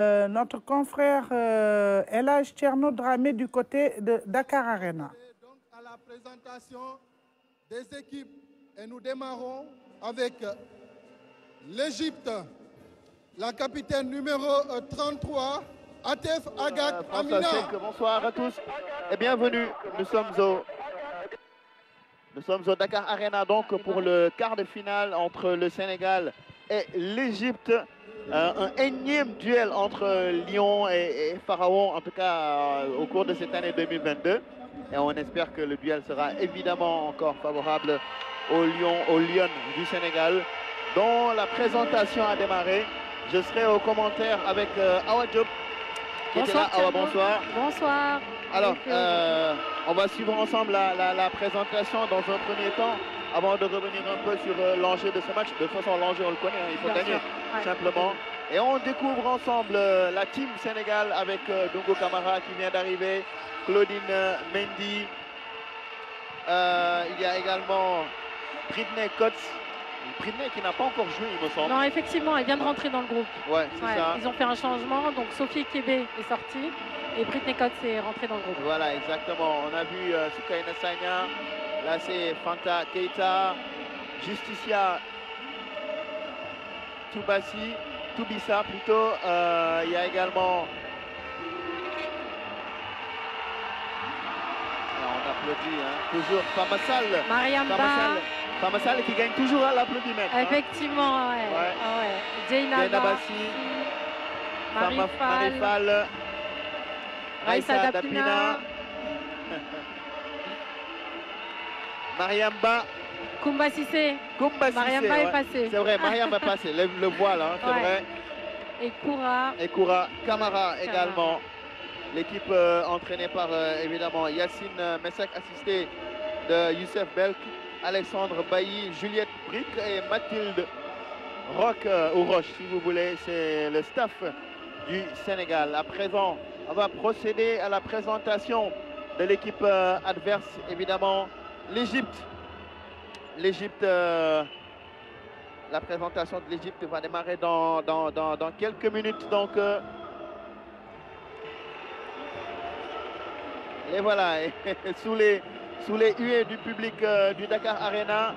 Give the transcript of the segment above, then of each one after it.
Euh, notre confrère euh, Elage Dramé du côté de Dakar Arena. donc à la présentation des équipes et nous démarrons avec euh, l'Égypte, la capitaine numéro 33, euh, Atef Agat Amina. Bonsoir à tous et bienvenue. Nous sommes au nous sommes au Dakar Arena donc pour le quart de finale entre le Sénégal et l'Égypte. Euh, un énième duel entre euh, Lyon et, Pharaon, en tout cas euh, au cours de cette année 2022. Et on espère que le duel sera évidemment encore favorable au Lyon, au Lyon du Sénégal, dont la présentation a démarré. Je serai au commentaire avec Awa Diop, qui bonsoir, là. bonsoir. Bonsoir. Alors, on va suivre ensemble la présentation dans un premier temps avant de revenir un peu sur euh, l'enjeu de ce match. De toute façon, l'enjeu, on le connaît, hein, il faut gagner, simplement. Et on découvre ensemble euh, la team Sénégal avec euh, Dongo Camara qui vient d'arriver, Claudine euh, Mendy. il y a également Britney Kotz. Britney qui n'a pas encore joué, il me semble. Non, effectivement, elle vient de rentrer dans le groupe. Ouais, c'est ça. Ils ont fait un changement, donc Sophie Kébé est sortie et Britney Kotz est rentrée dans le groupe. Voilà, exactement. On a vu Sukhaïna Sanya, Là, c'est Fanta Keita, Justicia, Toubassi, Toubissa plutôt. Euh, il y a également. on applaudit hein. toujours Famassal. Mariam Famassal qui gagne toujours à l'applaudimètre. Hein. Effectivement, hein. ouais. Ah Jaina Bassi. Marifal. Fall, Dapina. Mariamba. Kumba Mariamba est passé. C'est vrai, Mariamba est passé. Le, le voile, hein, c'est vrai. Et Koura. Et Koura. Kamara également. L'équipe euh, entraînée par euh, évidemment Yacine euh, Messac, assisté de Youssef Belk, Alexandre Bailly, Juliette Brick et Mathilde Rock ou Roche, si vous voulez. C'est le staff du Sénégal. À présent, on va procéder à la présentation de l'équipe adverse, évidemment l'Égypte. L'Égypte, euh, la présentation de l'Égypte va démarrer dans, dans, quelques minutes. Donc, euh, et voilà, sous, les, sous les huées du public euh, du Dakar Arena,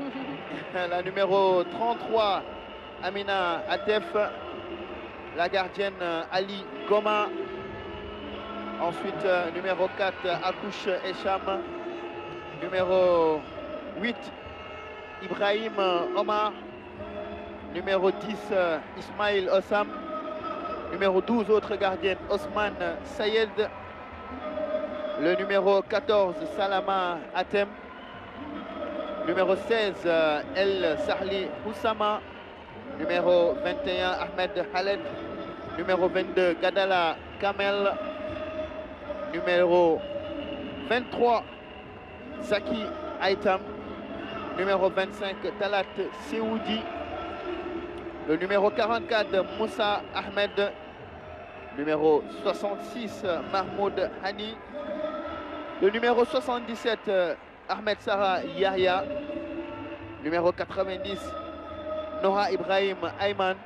la numéro 33, Amina Atef, la gardienne Ali Goma, ensuite numéro 4, Akouche Esham. Numéro 8, Ibrahim euh, Omar. Numéro 10, euh, Ismail Ossam. Numéro 12, autre gardienne, Osman Sayed. Le numéro 14, Salama Atem. Numéro 16, euh, El Sahli Oussama. Numéro 21, Ahmed Khaled. Numéro 22, Gadala Kamel. Numéro 23, Saki Aitam, numéro 25 Talat Seoudi, le numéro 44 Moussa Ahmed, numéro 66 Mahmoud Hani, le numéro 77 Ahmed Sarah Yahya, numéro 90 Nora Ibrahim Ayman,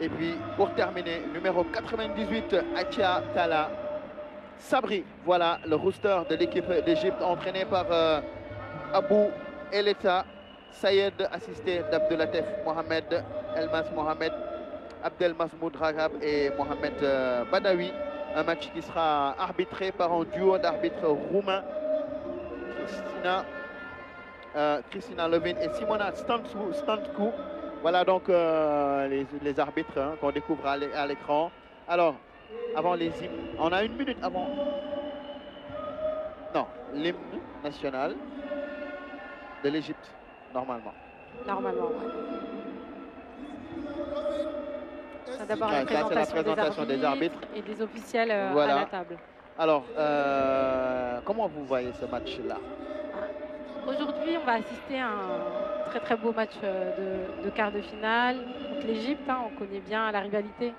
et puis pour terminer, numéro 98 Atia Tala. Sabri. Voilà le rooster de l'équipe d'Égypte entraîné par euh, Abou Eleta, Sayed assisté d'Abdelatef Mohamed, Elmas Mohamed, Abdel Mahmoud et Mohamed euh, Badawi. Un match qui sera arbitré par un duo d'arbitres roumains, Christina, euh, Levin et Simona Stantkou. Voilà donc les, arbitres hein, qu'on découvre à l'écran. Alors, avant les hymnes. On a une minute avant. Non, l'hymne national de l'Égypte, normalement. Normalement, oui. D'abord, ah, la, présentation, des, arbitres et des officiels euh, à la table. Alors, euh, comment vous voyez ce match-là ah, Aujourd'hui, on va assister à un très très beau match euh, de, quart de finale contre l'Égypte. Hein. on connaît bien la rivalité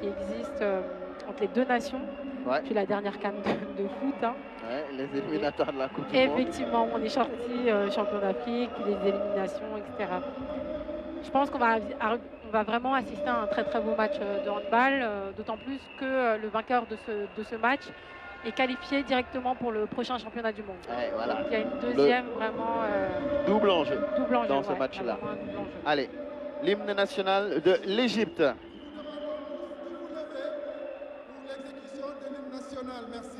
qui existe euh, entre les deux nations. Ouais. la dernière canne de, foot. Hein. les éliminatoires de la Coupe du Effectivement, on est sorti euh, champion d'Afrique, les éliminations, etc. Je pense qu'on va, on va vraiment assister à un très très beau match euh, de handball, d'autant plus que le vainqueur de ce, de ce match est qualifié directement pour le prochain championnat du monde. il y a une deuxième vraiment double enjeu, dans ce match-là. Allez, l'hymne national de l'Égypte. nationale. Merci.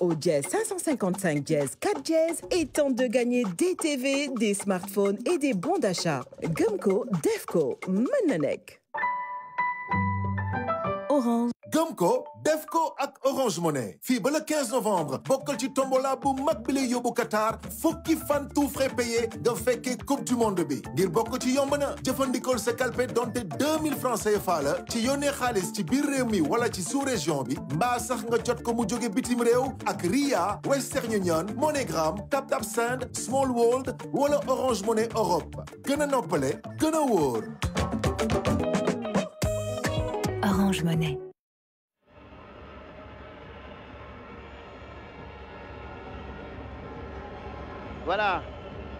Au Jazz 555 Jazz 4 Jazz et tente de gagner des TV, des smartphones et des bons d'achat. Gumco, Defco, Menanek. Orange. Defco ak Orange Money Fibre le 15 novembre bokkal ci tombola bu mag bi Qatar fukki fan tout frais payé de fekkee coupe du monde bi ngir bokko ci yomb na jëfandikool sa deux mille 2000 francs CFA la ci yone xaliss ci bir rew mi wala ci sous région bi Mba sax nga jot ko mu joggé bitim rew ak Ria Western Union Monogram, Tap Tap Send Small World wala Orange Money Europe gën a noppale wor. Orange Monnaie. Voilà.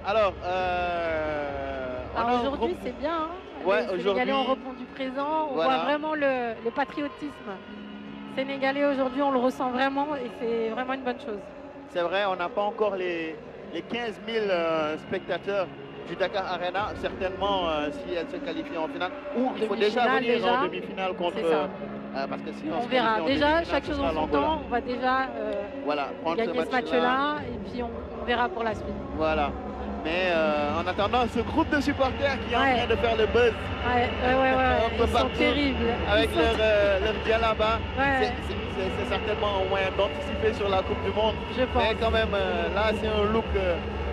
Alors, euh, ah, aujourd'hui, c'est bien. Hein ouais, aujourd'hui. on reprend du présent. On voit vraiment le, patriotisme sénégalais aujourd'hui, on le ressent vraiment et c'est vraiment une bonne chose. C'est vrai, on n'a pas encore les, 15 000 euh, spectateurs du Dakar Arena, certainement euh, si elle se qualifie en finale, ou il faut déjà venir en demi-finale contre. Euh, euh, parce que sinon on, verra. Déjà, chaque chose en son temps, on va déjà voilà, gagner ce match-là et puis on, verra pour la suite. Voilà. Mais en attendant, ce groupe de supporters qui est en train de faire le buzz, ouais, ouais, ils sont terribles. Avec leur leur, là-bas, c'est certainement un moyen d'anticiper sur la Coupe du Monde. Je pense. Mais quand même, là, c'est un look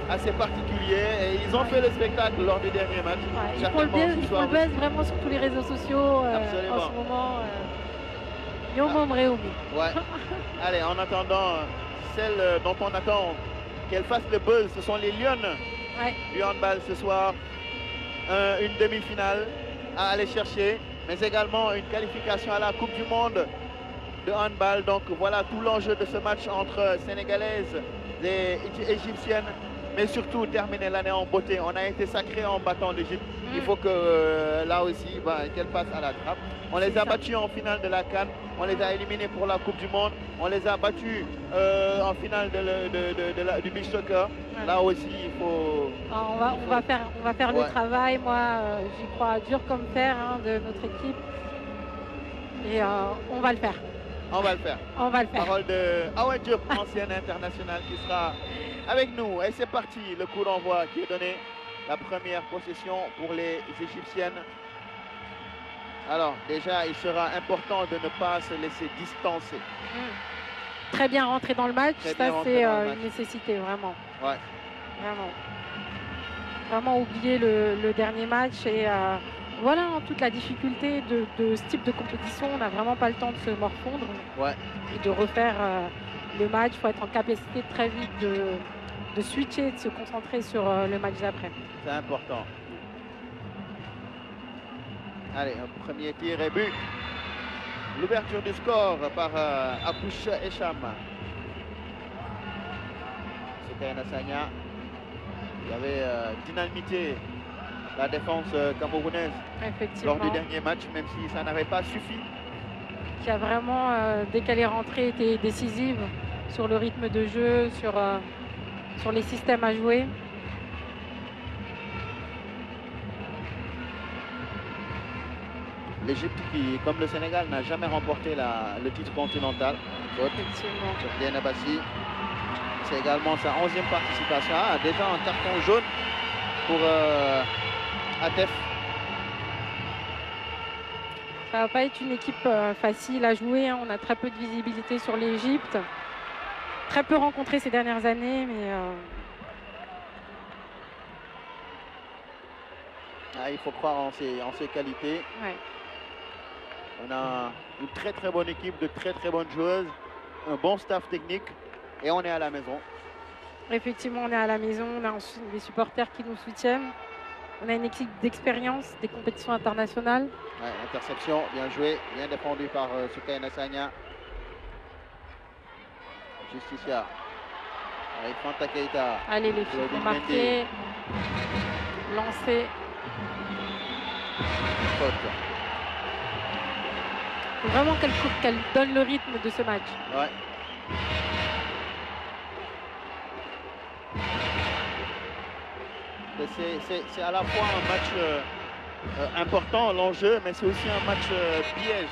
assez particulier. Et ils ont fait le spectacle lors du dernier match. Ils font le, buzz vraiment sur tous les réseaux sociaux euh, en ce moment. Euh, Yon ah. Ouais. Allez, en attendant, celle euh, dont on attend qu'elle fasse le buzz, ce sont les Lyonnes du handball ce soir. une demi-finale à aller chercher, mais également une qualification à la Coupe du Monde de handball. Donc voilà tout l'enjeu de ce match entre euh, Sénégalaises et Égyptiennes mais surtout terminer l'année en beauté. On a été sacré en battant l'Égypte. Il mm. faut que euh, là aussi, bah, qu'elle passe à la trappe. On les a battus en finale de la Cannes, on les a éliminés pour la Coupe du Monde, on les a battus euh, en finale du beach soccer. Là aussi, il faut. Ah, on, va, faire, on va faire le travail. Moi, euh, j'y crois dur comme fer hein, de notre équipe. Et on va le faire. On va le faire. On va le faire. Parole de Awa Diop, ancienne internationale qui sera avec nous. Et c'est parti, le coup d'envoi qui est donné. La première possession pour les Égyptiennes. Alors, déjà, il sera important de ne pas se laisser distancer. Hmm. Très bien rentré dans le match. Ça, c'est euh, une nécessité, vraiment. Ouais. Vraiment. Vraiment oublier le, dernier match et... Euh, voilà hein, toute la difficulté de, ce type de compétition. On n'a vraiment pas le temps de se morfondre et de refaire euh, le match. Il faut être en capacité très vite de, switcher, de se concentrer sur euh, le match d'après. C'est important. Allez, premier tir et but. L'ouverture du score par euh, Akouche C'était un assignat. Il y avait euh, dynamité la défense euh, camerounaise lors du dernier match, même si ça n'avait pas suffi. Qui a vraiment, euh, dès qu'elle est rentrée, été décisive sur le rythme de jeu, sur, euh, sur les systèmes à jouer. L'Égypte qui, comme le Sénégal, n'a jamais remporté le titre continental. Effectivement. C'est également sa 11e participation. Ah, déjà un carton jaune pour ATEF Ça va pas être une équipe euh, facile à jouer. Hein. On a très peu de visibilité sur l'Egypte. Très peu rencontré ces dernières années, mais... Euh, ah, il faut croire en ses, qualités. On a une très très bonne équipe, de très très bonnes joueuses, un bon staff technique et on est à la maison. Effectivement, on est à la maison, on a des supporters qui nous soutiennent. On a une équipe d'expérience des compétitions internationales. interception, bien joué, bien défendu par euh, Sanya. Justicia. Avec Fanta Keita. Allez, les filles ont lancer. Il Faut vraiment qu'elle donne le rythme de ce match. C'est à la fois un match euh, euh, important, l'enjeu, mais c'est aussi un match euh, piège.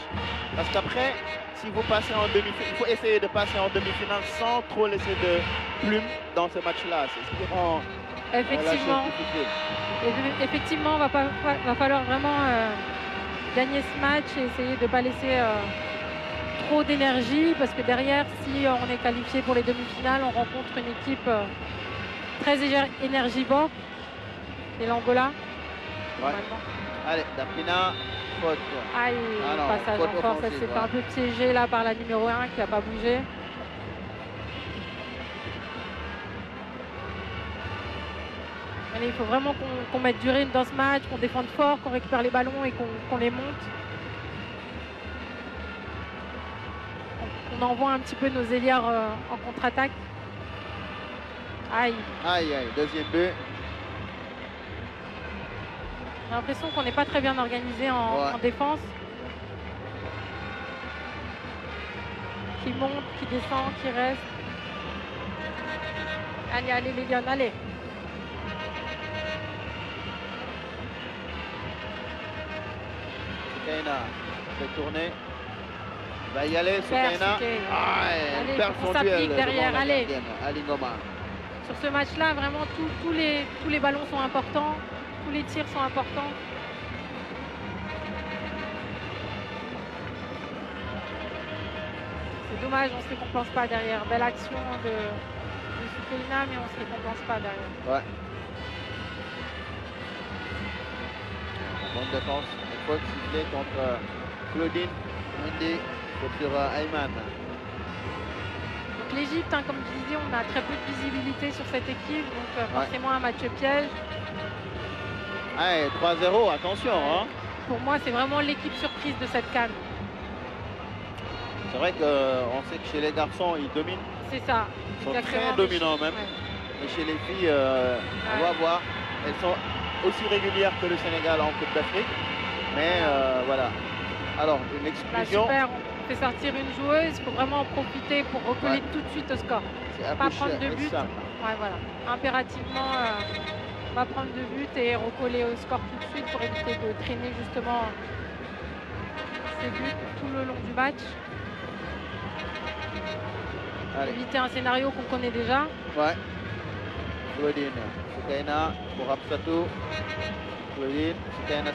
Parce qu'après, si vous passez en demi-finale, il faut essayer de passer en demi-finale sans trop laisser de plumes dans ce match-là. C'est ce qui rend Effectivement. Et, effectivement, va, va falloir vraiment gagner ce match et essayer de ne pas laisser trop d'énergie parce que derrière, si on est qualifié pour les demi-finales, on rencontre une équipe très énergivore et l'Angola ouais. Allez, Dapina, faute. Aïe, passage en force. Elle s'est un peu piégée là par la numéro 1 qui n'a pas bougé. Allez, il faut vraiment qu'on mette du rythme dans ce match, qu'on défende fort, qu'on récupère les ballons et qu'on les monte. On envoie un petit peu nos éliard euh, en contre-attaque. Aïe. Aïe, aïe, deuxième but. J'ai l'impression qu'on n'est pas très bien organisé en, défense. Qui monte, qui descend, qui reste. Allez, allez les gars, allez. Soukaina fait tourner. Il va y aller, Soukaina. Ah, elle allez, perd son duel derrière, allez. Sur ce match-là, vraiment, les, tous les ballons sont importants tous les tirs sont importants. C'est dommage, on ne se récompense pas derrière. Belle action de, de mais on ne se récompense pas derrière. Ouais. Bonne défense, de force. Une fois contre euh, Claudine Mundé contre euh, Ayman. Donc l'Égypte, hein, comme je disais, on a très peu de visibilité sur cette équipe, donc euh, forcément un match piège. Ouais, 3-0, attention. Hein. Pour moi, c'est vraiment l'équipe surprise de cette canne. C'est vrai qu'on euh, sait que chez les garçons, ils dominent. C'est ça. Ils sont très dominants même. Mais chez les filles, euh, on va voir. Elles sont aussi régulières que le Sénégal en Coupe d'Afrique. Mais euh, voilà. Alors, une bah, exclusion. on fait sortir une joueuse. pour vraiment profiter pour recoller tout de suite au score. Pas prendre de but. Ouais, voilà. Impérativement va prendre de but et recoller au score tout de suite pour éviter de traîner justement ses buts tout le long du match. Éviter un scénario qu'on connaît déjà. Ouais. Claudine, Soukaina pour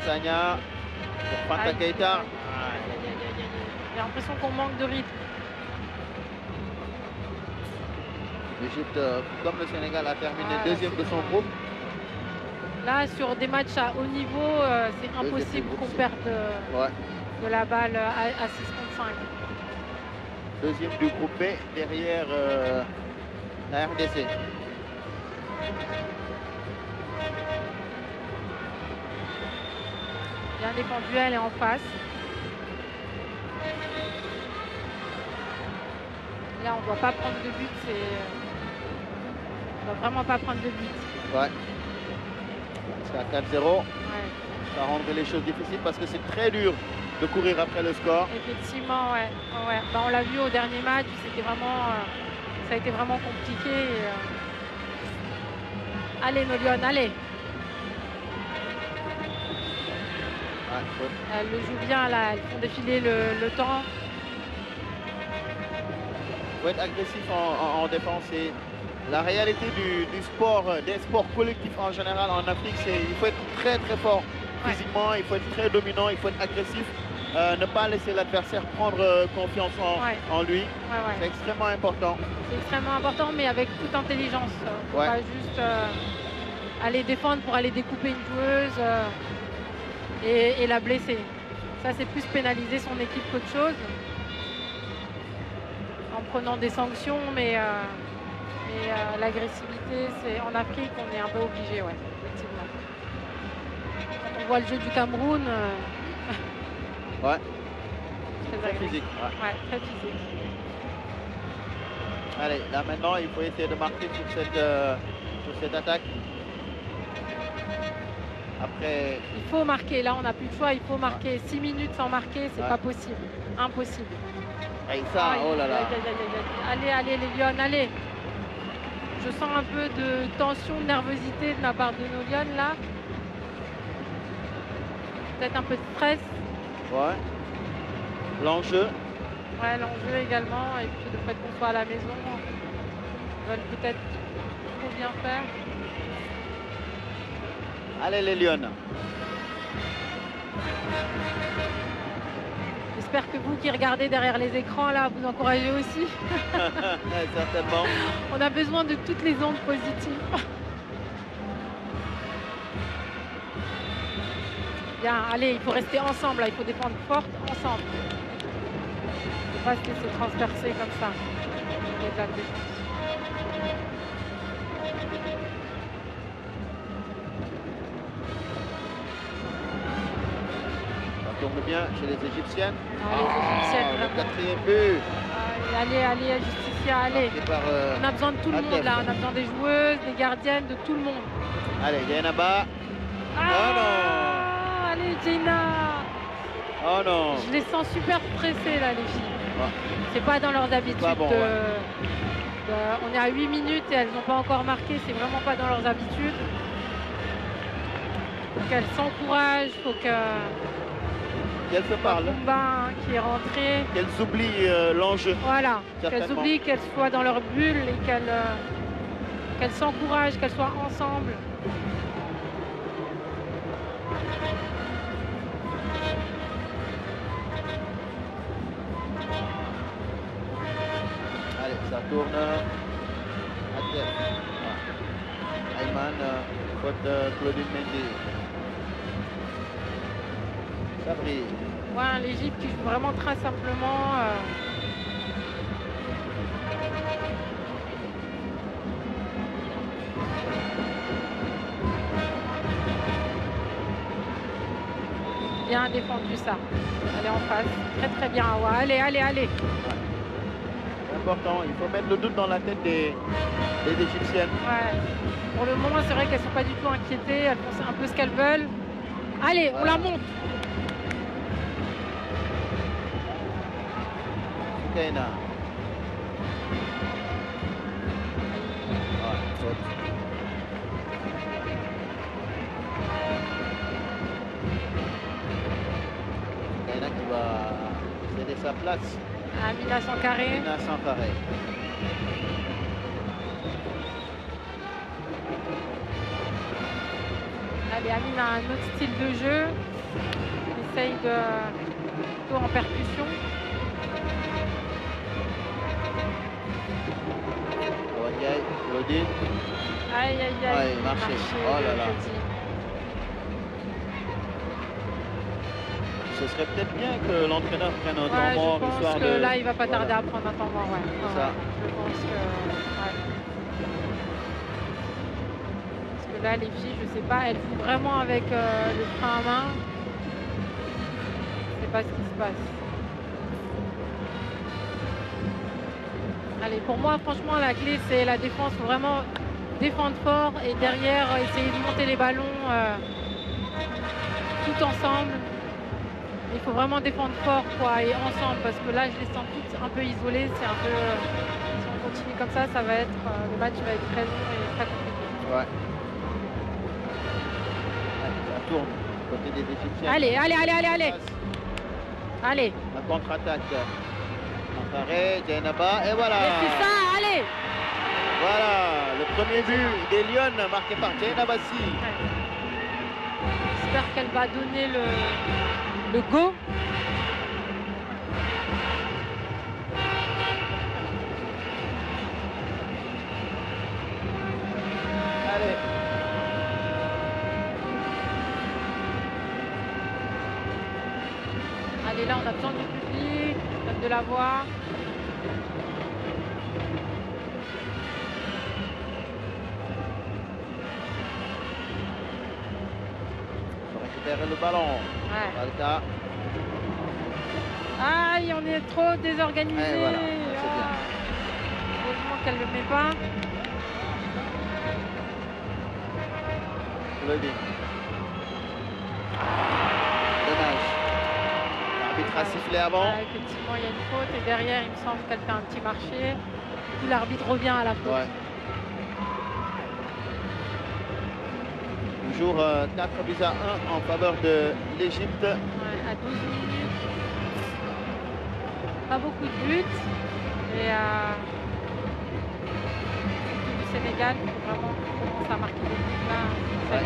Sanya pour Panta Keita. J'ai l'impression qu'on manque de rythme. L'Égypte, euh, comme le Sénégal, a terminé ah, deuxième de son groupe. Là, sur des matchs à haut niveau, euh, c'est impossible qu'on perde euh, de la balle à, 6,5. Deuxième du groupe B, derrière euh, la RDC. Bien défendu, elle est en face. Là, on ne doit pas prendre de but. On ne doit vraiment pas prendre de but à 4-0. Ça rendrait les choses difficiles parce que c'est très dur de courir après le score. Effectivement, ouais. Bah, on l'a vu au dernier match, c'était vraiment, euh, ça a été vraiment compliqué. Euh, allez, Nolion, allez. elle le joue bien, là, elles font défiler le, temps. Il faut être agressif en défense et la réalité du, sport, euh, des sports collectifs en général en Afrique, c'est il faut être très très fort physiquement, il faut être très dominant, il faut être agressif. Euh, ne pas laisser l'adversaire prendre euh, confiance en, lui. c'est extrêmement important. C'est extrêmement important, mais avec toute intelligence. pas juste aller défendre pour aller découper une joueuse et, la blesser. Ça, c'est plus pénaliser son équipe qu'autre chose. En prenant des sanctions, mais... Mais euh, l'agressivité, c'est en Afrique, on est un peu obligé, ouais, effectivement. on voit le jeu du Cameroun. Euh, ouais. Très, physique. très physique. Allez, là maintenant, il faut essayer de marquer sur cette, euh, cette attaque. Après... Il faut marquer, là on n'a plus de choix, il faut marquer. Six minutes sans marquer, c'est pas possible. Impossible. Et ça, oh là là. Allez, allez les Lyonnes, allez je sens un peu de tension, de nervosité de la part de nos lions là. Peut-être un peu de stress. Ouais. L'enjeu. Ouais, l'enjeu également. Et puis le fait qu'on soit à la maison. Ils veulent peut-être trop bien faire. Allez les lions j'espère que vous qui regardez derrière les écrans, là, vous encouragez aussi. On a besoin de toutes les ondes positives. Bien, allez, il faut rester ensemble, il faut défendre forte ensemble. Il ne faut pas se laisser transpercer comme ça. tourne bien chez les Égyptiennes. Ah, les ah, quatrième but. allez, allez, Justicia, allez. Euh, on a besoin de tout le monde là. On a besoin des joueuses, des gardiennes, de tout le monde. Allez, là bas. Ah, oh non Allez, Gina. Oh non Je les sens super pressées là, les filles. Oh. C'est pas dans leurs habitudes. on est à 8 minutes et elles n'ont pas encore marqué. C'est vraiment pas dans leurs habitudes. Faut qu'elles s'encouragent, faut que Qu'elles se parlent. Hein? qui est rentré. Qu'elles oublient euh, l'enjeu. Voilà, qu'elles oublient qu'elles soient dans leur bulle et qu'elles euh, s'encouragent, qu'elles soient ensemble. Allez, ça tourne à terre. Ah. Ayman, euh, faute Claudine Mendy. Voilà, l'Égypte qui joue vraiment très simplement. Euh. Bien défendu ça. Allez en face. Très très bien. allez, allez, allez. C'est important. Il faut mettre le doute dans la tête des, des Égyptiennes. Pour le moment, c'est vrai qu'elles ne sont pas du tout inquiétées. Elles pensent un peu ce qu'elles veulent. Allez, on la monte. Il y en a qui va céder sa place. À Mina Amina Mina Allez, Amine a un autre style de jeu. Essaye de tout en percussion. aïe aïe, Aïe Ouais, marché. Oh Ce serait peut-être bien que l'entraîneur prenne un temps mort. Je pense que là, il va pas tarder à prendre un temps mort. Ouais. ça. Je pense que. Ouais. Parce que là, les filles, je sais pas, elles jouent vraiment avec euh, le frein à main. Je sais pas ce qui se passe. Allez, pour moi, franchement, la clé, c'est la défense. Il Faut vraiment défendre fort et derrière, essayer de monter les ballons euh, tout ensemble. Il faut vraiment défendre fort quoi, et ensemble parce que là, je les sens toutes un peu isolées. C'est un peu. Euh, si on continue comme ça, ça va être. Euh, le match va être très long et très compliqué. Ouais. Allez, ça tourne. Côté des déficients. Allez, allez, allez, allez, allez. Allez. La contre-attaque. Pareil, Dianaba, et voilà. C'est ça, allez. Voilà, le premier but des Lyons marqué par Dianabassi. J'espère qu'elle va donner le, le go. Allez. Allez, là, on a besoin du public de la Voix. On récupérer le ballon. Ouais. Aïe, on est trop désorganisé. ah. Heureusement qu'elle ne le met pas. Le siffler avant. effectivement, il y a une faute et derrière, il me semble qu'elle fait un petit marché. où l'arbitre revient à la faute. Ouais. Toujours 4 euh, buts à 1 en faveur de l'Égypte. à 12 minutes. Pas beaucoup de buts. Et à euh, du Sénégal, vraiment commence à marquer des buts là.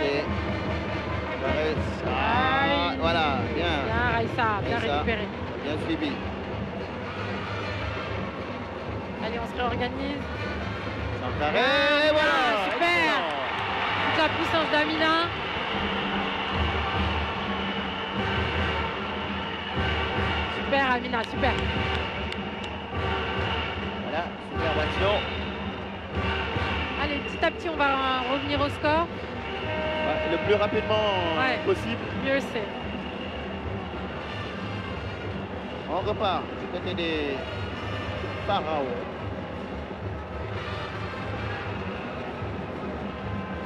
C'est voilà, bien. Bien, Raissa, bien récupéré. Bien suivi. Allez, on se réorganise. voilà. Ah, super. Toute la puissance d'Amina. Super, Amina, super. Voilà, super action. Allez, petit à petit, on va revenir au score le plus rapidement possible. Merci On repart du côté des Pharaons.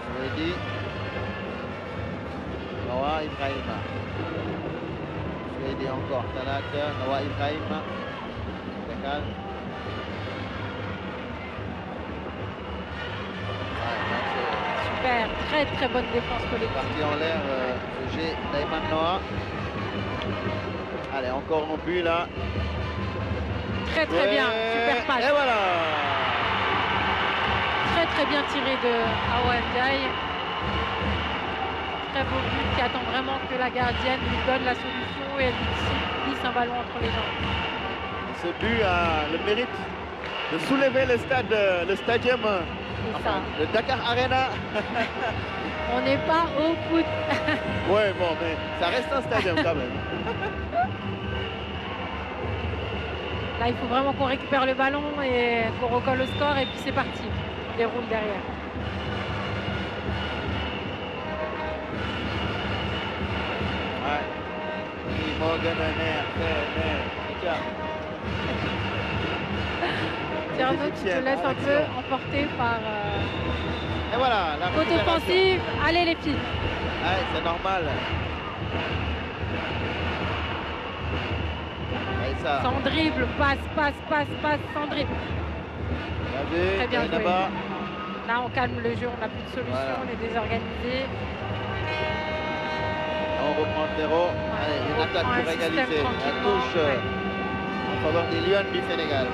Je l'ai dit. Noah Ibrahim. Je l'ai dit encore. Tanak, Ibrahima. Ibrahim. très très bonne défense collective. Parti en l'air, euh, Daiman Noah. Allez, encore but là. Très très bien, super passe. Et voilà Très très bien tiré de Awan Très beau but qui attend vraiment que la gardienne lui donne la solution et elle lui glisse un ballon entre les jambes. Ce but a le mérite de soulever le stade, le stadium le Dakar Arena. On n'est pas au foot. ouais, bon, mais ça reste un stadium quand même. Là, il faut vraiment qu'on récupère le ballon et qu'on recolle le score et puis c'est parti. On déroule derrière. Ouais autre qui te laisse un peu emporter par euh, Et voilà, la faute offensive. Allez les filles. Ouais, c'est normal. ça. Sans dribble, passe, passe, passe, passe, sans dribble. Très bien joué. Là, on calme le jeu, on n'a plus de solution, on est désorganisé. On reprend le Ouais, Allez, une attaque pour égaliser. La touche ouais. Euh, en faveur des Lyon, du Sénégal.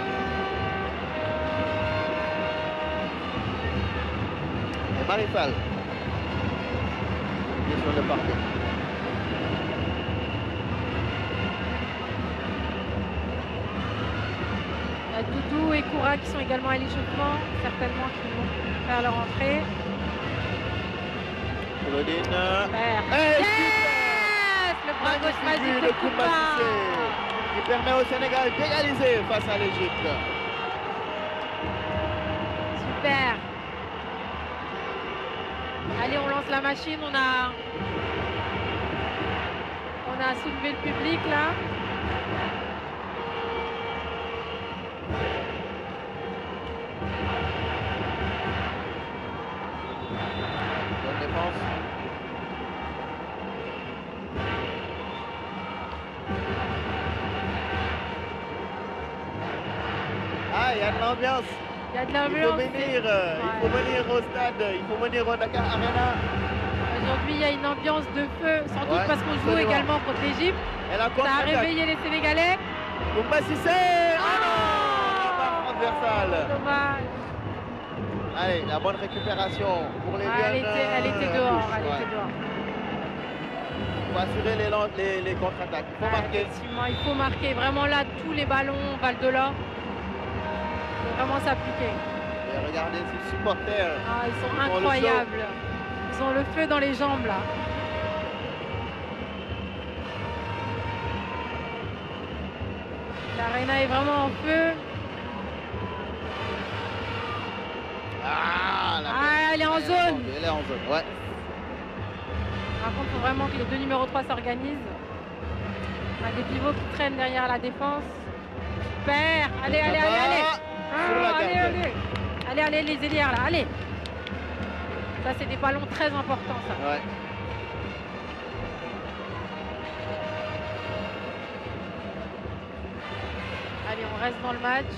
Marifal. Qui est sur le parking. Euh, Doudou et Koura qui sont également à l'échauffement, certainement qui vont faire leur entrée. Claudine. Eh, yes le bras gauche magique de Qui permet au Sénégal d'égaliser face à l'Égypte. machine, on a, on a soulevé le public là. Bonne défense. Ah, il y a de l'ambiance. Il Il faut venir, euh, il faut venir au stade, il faut venir au Dakar Arena. Aujourd'hui, il y a une ambiance de feu, sans doute parce qu'on joue également contre l'Égypte. Ça a réveillé les Sénégalais. Donc, bah, si c'est. Ah non Transversale. Dommage. Allez, la bonne récupération pour les ah, elle, était, dehors. elle était dehors. Pour assurer les, contre-attaques. Il faut ah, marquer. il faut marquer. Vraiment là, tous les ballons Val de l'or. Il faut vraiment s'appliquer. regardez ces supporters. Ah, ils sont incroyables. Ils ont le feu dans les jambes là. L'arena est vraiment en feu. Ah, ah elle est en zone. elle est en zone, ouais. il faut vraiment que les deux numéros 3 s'organisent. On a des pivots qui traînent derrière la défense. Super. Allez, allez, allez, allez. Ah, ah, allez, allez. Allez, les hélières, là, allez. Ça, c'est des ballons très importants, ça. Ouais. Allez, on reste dans le match.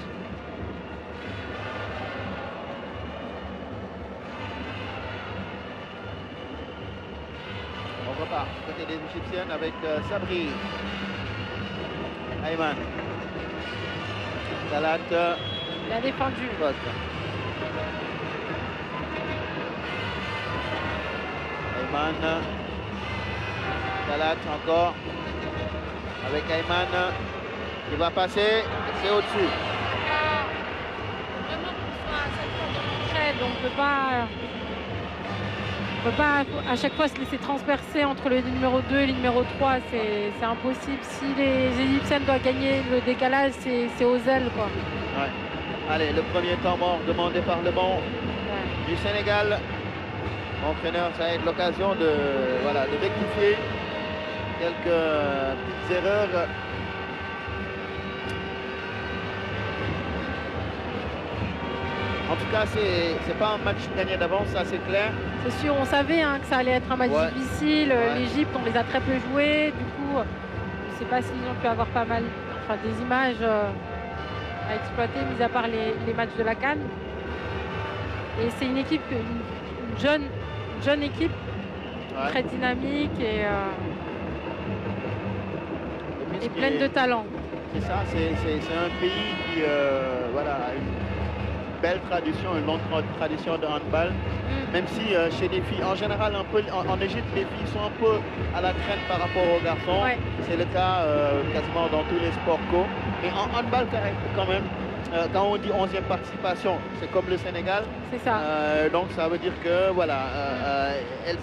On repart côté des Égyptiennes avec euh, Sabri. Ayman. Talat. Il a défendu. Ayman. Talat encore. Avec Ayman. qui va passer. C'est au-dessus. Donc on ne pas, peut pas à chaque fois se laisser transpercer entre le numéro 2 et le numéro 3. C'est impossible. Si les Égyptiennes doivent gagner le décalage, c'est aux ailes. Quoi. Allez, le premier temps mort demandé par le banc du Sénégal entraîneur, ça va être l'occasion de, voilà, de rectifier quelques euh, petites erreurs. En tout cas, c'est pas un match gagné d'avance, ça c'est clair. C'est sûr, on savait hein, que ça allait être un match difficile. Euh, L'Égypte, on les a très peu joués. Du coup, euh, je ne sais pas s'ils ont pu avoir pas mal, enfin des images à exploiter, mis à part les, matchs de la Cannes. Et c'est une équipe, une jeune jeune équipe, très dynamique et, euh, pleine de talent. C'est ça, c'est un pays qui euh, voilà, a une belle tradition, une longue tradition de handball. Mm. Même si euh, chez les filles, en général, un peu, en, Égypte, les filles sont un peu à la traîne par rapport aux garçons. C'est le cas quasiment dans tous les sports co. Et en handball, quand même, euh, quand on dit 11e participation, c'est comme le Sénégal. C'est ça. Euh, donc ça veut dire que voilà, euh,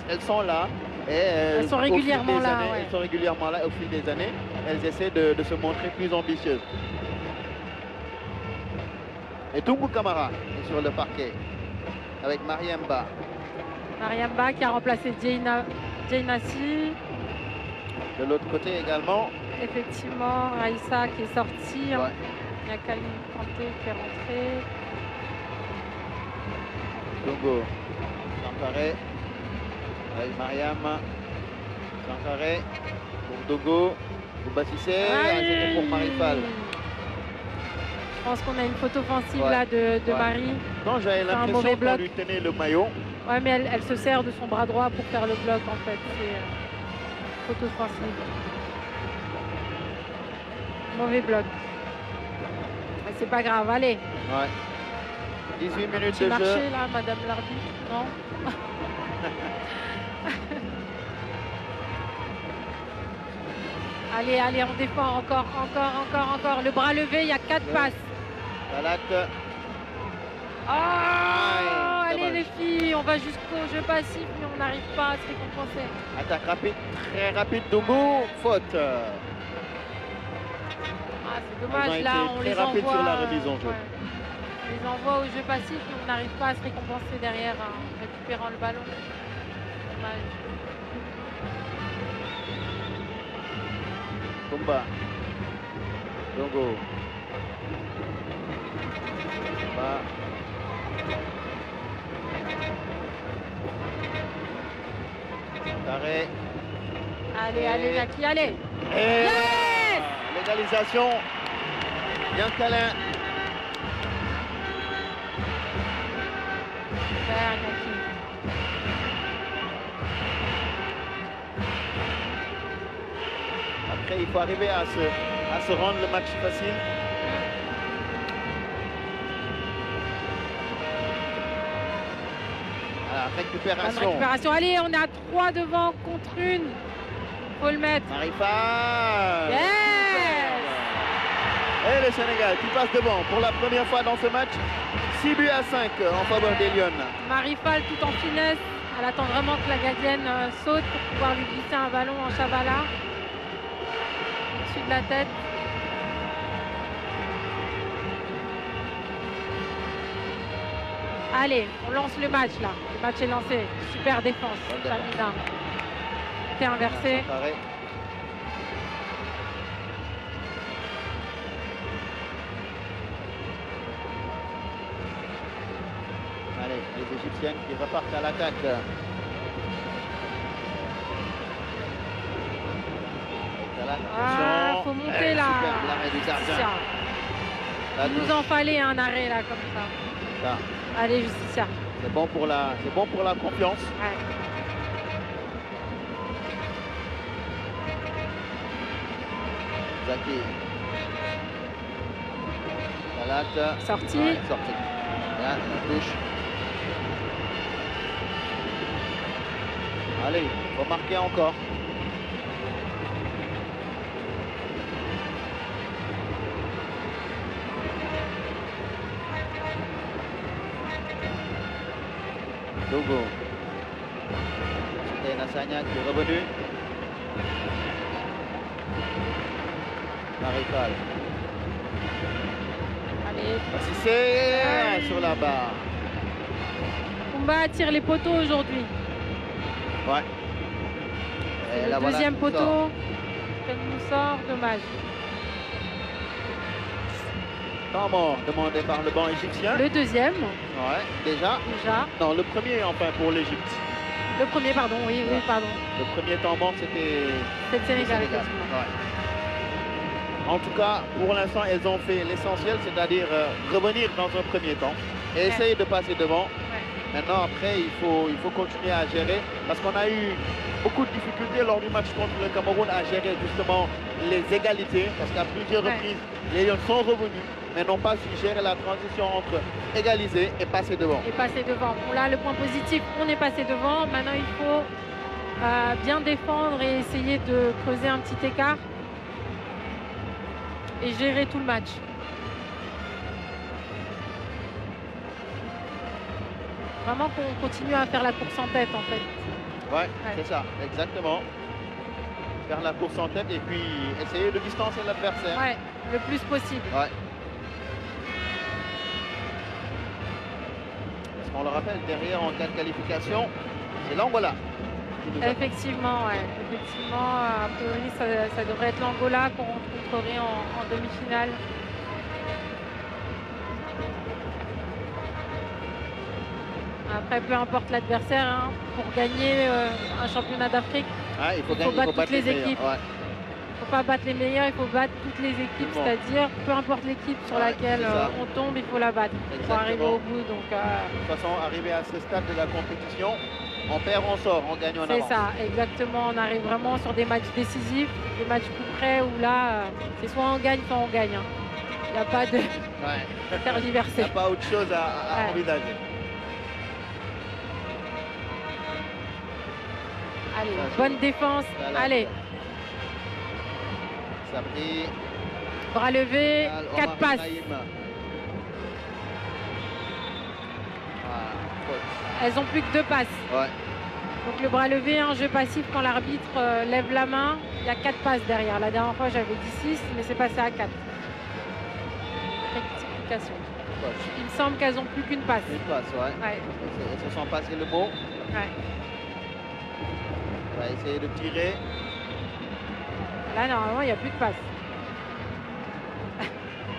elles, sont là. Et, elles sont régulièrement là. Elles sont régulièrement là au fil des années. Elles essaient de, se montrer plus ambitieuses. Et tout Kamara est sur le parquet avec Mariamba. Mariamba qui a remplacé Jaina, Si. De l'autre côté également. Effectivement, Raïssa qui est sortie. Il y a Calme Kanté qui est rentré. jean Sankaré. Avec Mariam. Sankaré. Pour Dogo. Pour Bassissé. Ah, c'était pour Marifal. Je pense qu'on a une photo offensive là de, Marie. Non, j'avais l'impression qu'on lui tenait le maillot. Ouais, mais elle, se sert de son bras droit pour faire le bloc en fait. C'est euh, faute offensive. Mauvais bloc c'est pas grave, allez. Ouais. 18 minutes de marché, là, Madame l'arbitre, non Allez, allez, on défend encore, encore, encore, encore. Le bras levé, il y a quatre passes. Oh, allez les filles, on va jusqu'au jeu passif, mais on n'arrive pas à se récompenser. Attaque rapide, très rapide, Doumou, faute. Ah, c'est dommage, là, on les envoie. Euh, les envoie au jeu passif on n'arrive pas à se récompenser derrière en récupérant le ballon. Dommage. Combat. Dongo. Combat. Allez, allez, qui allez. L'égalisation. Bien câlin. Après, il faut arriver à se, à se rendre le match facile. Voilà, récupération. récupération. Allez, on a trois devant contre une. Faut le mettre. yes Et le Sénégal qui passe devant pour la première fois dans ce match. 6 buts à 5 en faveur des Lyon. Marifal tout en finesse. Elle attend vraiment que la gardienne euh, saute pour pouvoir lui glisser un ballon en chavala. Au-dessus de la tête. Allez, on lance le match là. Le match est lancé. Super défense, inversé. Allez, les Égyptiennes qui repartent à l'attaque. Ah, faut monter là. Il nous en fallait un arrêt là comme ça. Allez, Justicia. C'est bon pour la, c'est bon pour la confiance. Zaki. Salate. Sorti. Ouais, sortie. Là, on touche. Allez, remarquez encore. On attire les poteaux aujourd'hui. Ouais. le deuxième poteau qu'elle nous sort, dommage. Comment demandé par le banc égyptien. Le deuxième. Ouais, déjà. Déjà. Non, le premier enfin pour l'Égypte. Le premier, pardon, oui, oui, pardon. Le premier temps mort, c'était. C'était Sénégal, En tout cas, pour l'instant, elles ont fait l'essentiel, c'est-à-dire euh, revenir dans un premier temps et essayer de passer devant. Maintenant, après, il faut, il faut continuer à gérer parce qu'on a eu beaucoup de difficultés lors du match contre le Cameroun à gérer justement les égalités parce qu'à plusieurs reprises, les Lions sont revenus mais n'ont pas su gérer la transition entre égaliser et passer devant. Et passer devant. Bon, là, le point positif, on est passé devant. Maintenant, il faut euh, bien défendre et essayer de creuser un petit écart et gérer tout le match. Vraiment qu'on continue à faire la course en tête, en fait. Ouais, c'est ça, exactement. Faire la course en tête et puis essayer de distancer l'adversaire. Ouais, le plus possible. Parce qu'on le rappelle, derrière en cas de qualification, c'est l'Angola. Effectivement, ouais. Effectivement, a priori, ça, devrait être l'Angola qu'on rencontrerait en demi-finale. Après, peu importe l'adversaire, hein, pour gagner euh, un championnat d'Afrique, ah, il faut, battre toutes les, équipes. Il ne faut pas battre les meilleurs, il faut battre toutes les équipes, c'est-à-dire peu importe l'équipe sur laquelle euh, on tombe, il faut la battre Il pour arriver au bout. Donc, euh, De toute façon, arriver à ce stade de la compétition, on perd, on sort, on gagne, on avance. C'est ça, exactement. On arrive vraiment sur des matchs décisifs, des matchs plus près où là, c'est soit on gagne, soit on gagne. Hein. Il n'y a pas de ouais. diverser. Il n'y a pas autre chose à, envisager. Allez, bonne défense. Allez. Bras levé, 4 passes. Ah, Elles ont plus que 2 passes. Donc le bras levé, un jeu passif quand l'arbitre euh, lève la main, il y a 4 passes derrière. La dernière fois j'avais dit 6, mais c'est passé à 4. Rectification. Il me semble qu'elles ont plus qu'une passe. Une passe, ouais. Elles se sont passées le mot. Ouais essayer de tirer. Là, normalement, il n'y a plus de passe.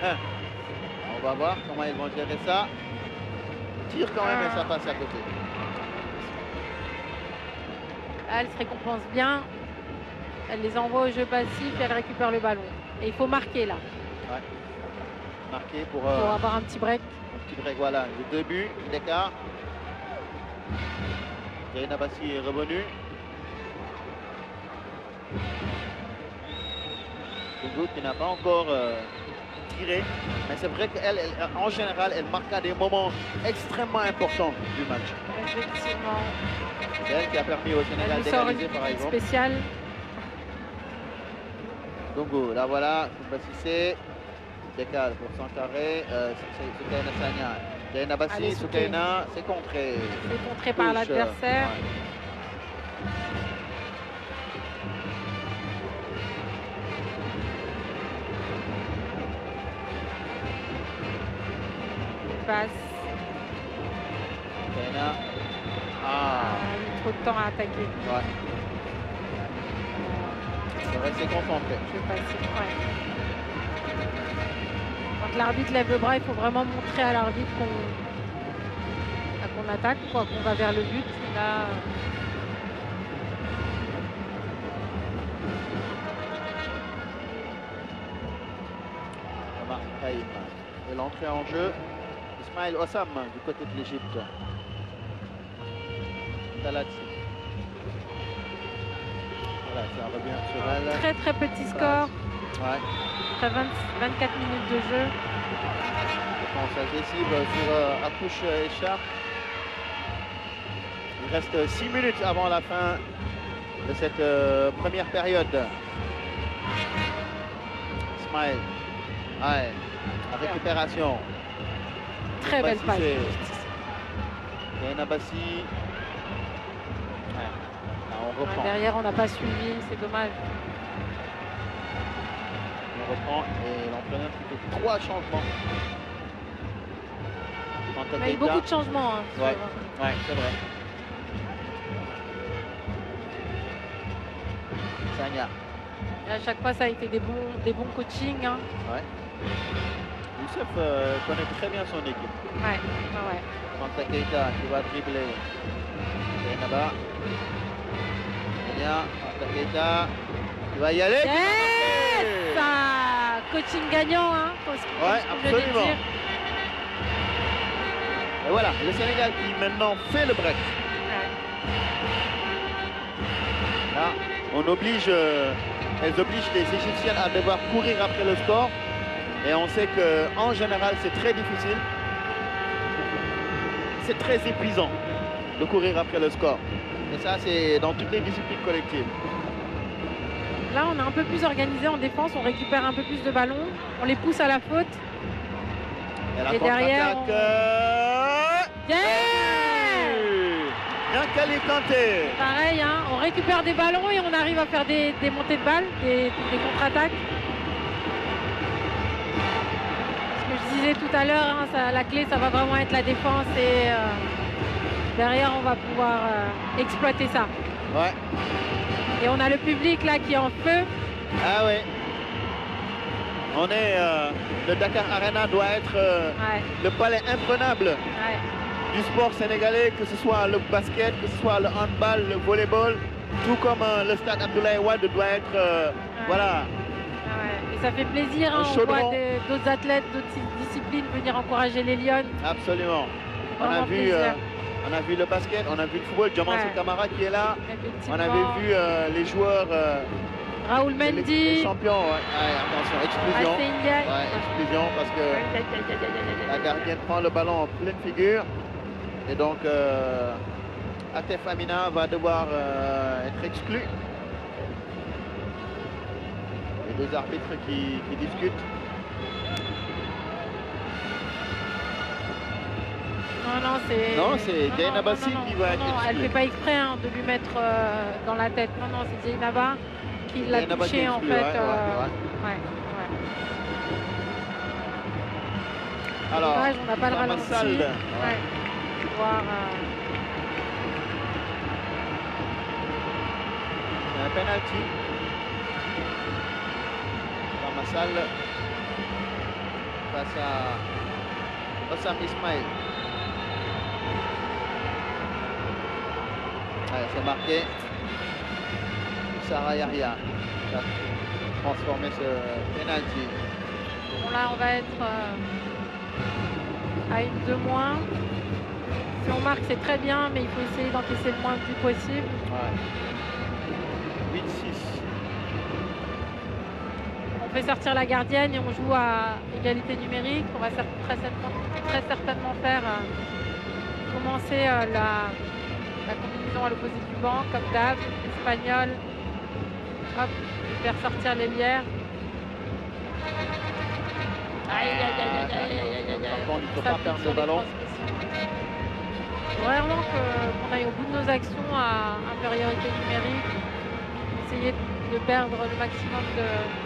Ah. On va voir comment ils vont gérer ça. Tire quand même et ça ah. passe à côté. Ah, elle se récompense bien. Elle les envoie au jeu passif elle récupère le ballon. Et il faut marquer là. Marquer euh, pour, avoir un petit break. petit break, voilà. Le début, l'écart. Jaina Bassi est revenue qui n'a pas encore euh, tiré. Mais c'est vrai qu'elle, euh, en général, elle marqua des moments extrêmement importants du match. C'est elle qui a permis au Sénégal d'égaliser, par exemple. Spécial. Dongo, là voilà, Soubassissé, décale pour son carré, euh, Soukaina Sanya. Bassi, Soukaina, c'est contré. C'est contré par l'adversaire. passe. Ah. ah. il a trop de temps à attaquer. Ouais. Il en concentré. Je vais passer. Ouais. Quand l'arbitre lève le bras, il faut vraiment montrer à l'arbitre qu'on attaque, qu'on va vers le but. Là, Et l'entrée en jeu Ismaël Ossam du côté de l'Egypte. Voilà, ça Très très petit score. Après 24 minutes de jeu. Défense agressive sur Akouche euh, et euh, Il reste 6 minutes avant la fin de cette euh, première période. Smile. récupération. Très belle passe. Et Là, on reprend. derrière, on n'a pas suivi, c'est dommage. On reprend et l'entraîneur qui fait trois changements. Il y a eu beaucoup de changements. Hein, ouais, ouais c'est vrai. Sanya. à chaque fois, ça a été des bons, des bons coachings. Hein. Ouais. Youssef euh, connaît très bien son équipe. Ouais, ouais. Manta qui va dribbler. y aller. Ah, coaching gagnant, hein, ouais, absolument. Et voilà, le Sénégal qui maintenant fait le break. Là, on oblige, euh, elles obligent les Égyptiennes à devoir courir après le score. Et on sait qu'en général, c'est très difficile. C'est très épuisant de courir après le score. Et ça, c'est dans toutes les disciplines collectives. Là, on est un peu plus organisé en défense, on récupère un peu plus de ballons, on les pousse à la faute. Et, la Et derrière. On... Yeah Pareil, hein, on récupère des ballons et on arrive à faire des, montées de balles, des contre-attaques. tout à l'heure, hein, la clé, ça va vraiment être la défense et euh, derrière, on va pouvoir euh, exploiter ça. Ouais. Et on a le public là qui est en feu. Ah oui. On est. Euh, le Dakar Arena doit être le palais imprenable du sport sénégalais, que ce soit le basket, que ce soit le handball, le volleyball, tout comme le stade Abdoulaye Wade doit être. Voilà ça fait plaisir, hein, on voit d'autres athlètes, d'autres disciplines venir encourager les Lyonnes. Absolument. On a, vu, euh, on a vu le basket, on a vu le football, Djaman qui est là. On avait vu euh, les joueurs. Euh, Raoul Mendy. Les, champions, attention, exclusion. exclusion parce que la gardienne prend le ballon en pleine figure. Et donc, Atef Amina va devoir être exclue deux arbitres qui, qui discutent. Non, non, c'est... Non, c'est Diana Bassi qui va... Non, elle ne fait pas exprès hein, de lui mettre euh, dans la tête. Non, non, c'est Diana qui l'a touché, en fait. Euh, ouais, ouais, ouais. Alors, on n'a pas le ralenti. Voir, euh... C'est un penalty salle face à Osam Ismail. c'est marqué. Sarah Yaria transformer ce penalty. Bon là, on va être euh, à une de moins. Si on marque, c'est très bien, mais il faut essayer d'encaisser le moins plus possible. fait sortir la gardienne et on joue à égalité numérique. On va très certainement, faire euh, commencer euh, la, combinaison à l'opposé du banc, comme d'hab, espagnol. Hop, faire sortir les lières. Aïe, Vraiment qu'on aille au bout de nos actions à infériorité numérique, essayer de perdre le maximum de,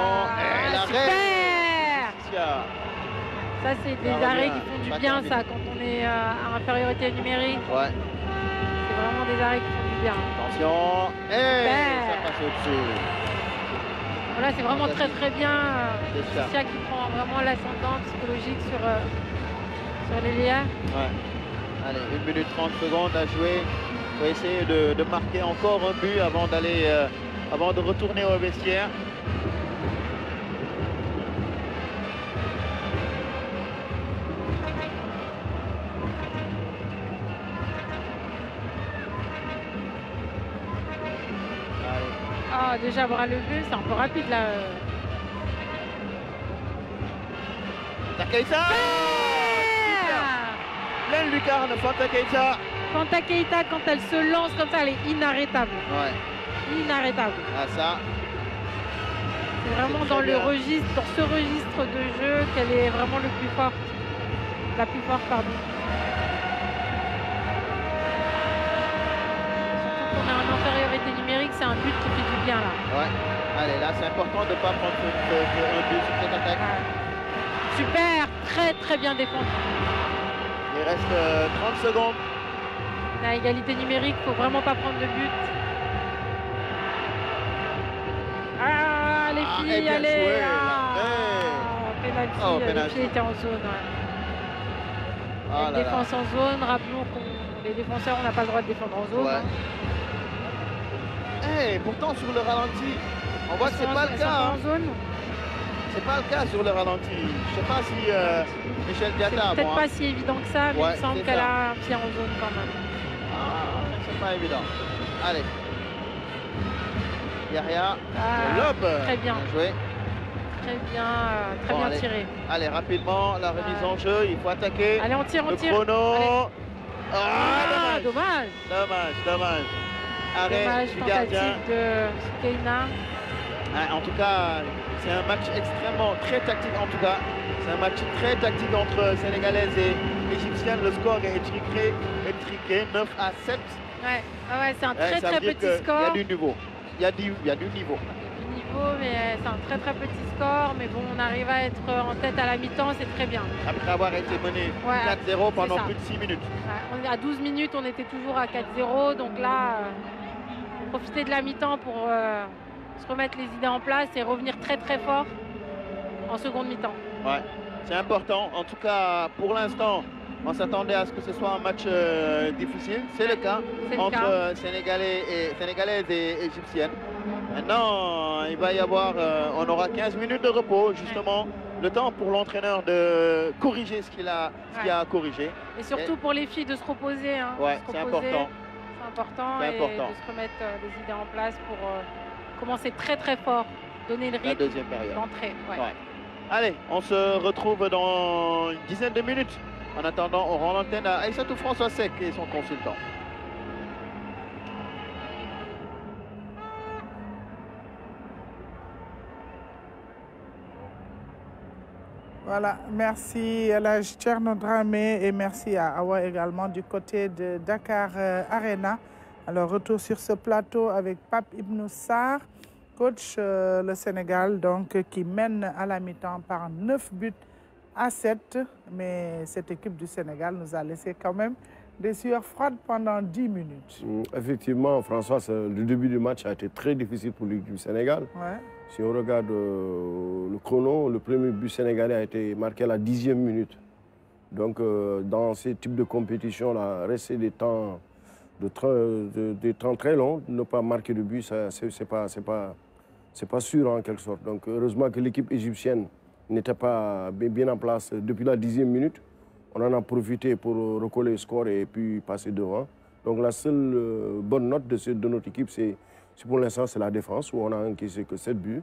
Ça, c'est des arrêts qui font du bien, ça, quand on est euh, à infériorité numérique. Ouais. C'est vraiment des arrêts qui font du bien. Attention. Et eh, ça passe au-dessus. Voilà, c'est vraiment très très bien. Euh, c'est ça qui prend vraiment l'ascendant psychologique sur, euh, sur les liens. Ouais. Allez, 1 minute 30 secondes à jouer. Il faut essayer de, marquer encore un but avant d'aller, avant de retourner au vestiaire. déjà bras levé, c'est un peu rapide là. Fanta Keita lucarne, Fanta Keita Keita, quand elle se lance comme ça, elle est inarrêtable. Ouais. Inarrêtable. Ah ça C'est vraiment dans le registre, dans ce registre de jeu qu'elle est vraiment le plus forte. La plus forte, pardon. c'est un but qui fait du bien là. Ouais. Allez, là, c'est important de ne pas prendre but sur cette attaque. Super, très très bien défendu. Il reste 30 euh, secondes. La égalité numérique, faut vraiment pas prendre de but. Ah, les ah, filles, eh allez ah. eh. oh, oh euh, Les pénalty. filles étaient en zone. Ouais. Ah là, défense en zone, rappelons qu'on les défenseurs, on n'a pas le droit de défendre en zone. Hein. Eh, pourtant sur le ralenti, on voit que c'est pas le cas. Hein. C'est pas le cas sur le ralenti. Je sais pas si euh, Michel Diata. Peut-être pas hein. si évident que ça, mais il me semble qu'elle a un pied en zone quand même. Ah, c'est pas évident. Allez. Yahya, ah, Très bien. joué. Très bien, euh, très bien tiré. Allez, rapidement, la remise en jeu, il faut attaquer. Allez, on tire, on le tire. Chrono. Ah, ah, dommage. Dommage, dommage. Arrêt du de Keina. Ah, en tout cas, c'est un match extrêmement très tactique. En tout cas, c'est un match très tactique entre Sénégalaises et Égyptiennes. Le score est étriqué, étriqué 9 à 7. Ah ouais, c'est un très très petit score. Il y a du niveau. Il y a du, il y a du niveau. mais euh, c'est un très très petit score. Mais bon, on arrive à être euh, en tête à la mi-temps, c'est très bien. Après avoir été mené 4-0 pendant plus de 6 minutes. à 12 minutes, on était toujours à 4-0. Donc là. Euh, profiter de la mi-temps pour euh, se remettre les idées en place et revenir très très fort en seconde mi-temps. Ouais, c'est important. En tout cas, pour l'instant, on s'attendait à ce que ce soit un match euh, difficile. C'est le cas entre euh, Sénégalais et, Sénégalaises et Égyptiennes. Maintenant, il va y avoir, on aura 15 minutes de repos, justement, le temps pour l'entraîneur de corriger ce qu'il a, à corriger. corrigé. Et surtout pour les filles de se reposer. Hein, ouais, c'est important important, et de se remettre euh, les idées en place pour euh, commencer très très fort, donner le rythme d'entrée. Allez, on se retrouve dans une dizaine de minutes. En attendant, on rend l'antenne à Aïssatou François Sec et son consultant. Voilà, merci la Dramé et merci à Awa également du côté de Dakar euh, Arena. Alors, retour sur ce plateau avec Pape Ibn coach euh, le Sénégal, donc qui mène à la mi-temps par 9 buts à 7. Mais cette équipe du Sénégal nous a laissé quand même des sueurs froides pendant 10 minutes. Mmh, effectivement, François, le début du match a été très difficile pour l'équipe du Sénégal. Ouais. Si on regarde euh, le chrono, le premier but sénégalais a été marqué à la dixième minute. Donc euh, dans ce type de compétition, là rester des temps, des temps très longs, ne pas marquer de but, ce n'est pas, pas sûr en quelque sorte. Donc heureusement que l'équipe égyptienne n'était pas bien en place depuis la dixième minute. On en a profité pour recoller le score et puis passer devant. Donc la seule euh, bonne note de, de notre équipe, c'est pour l'instant, c'est la défense où on a encaissé que 7 buts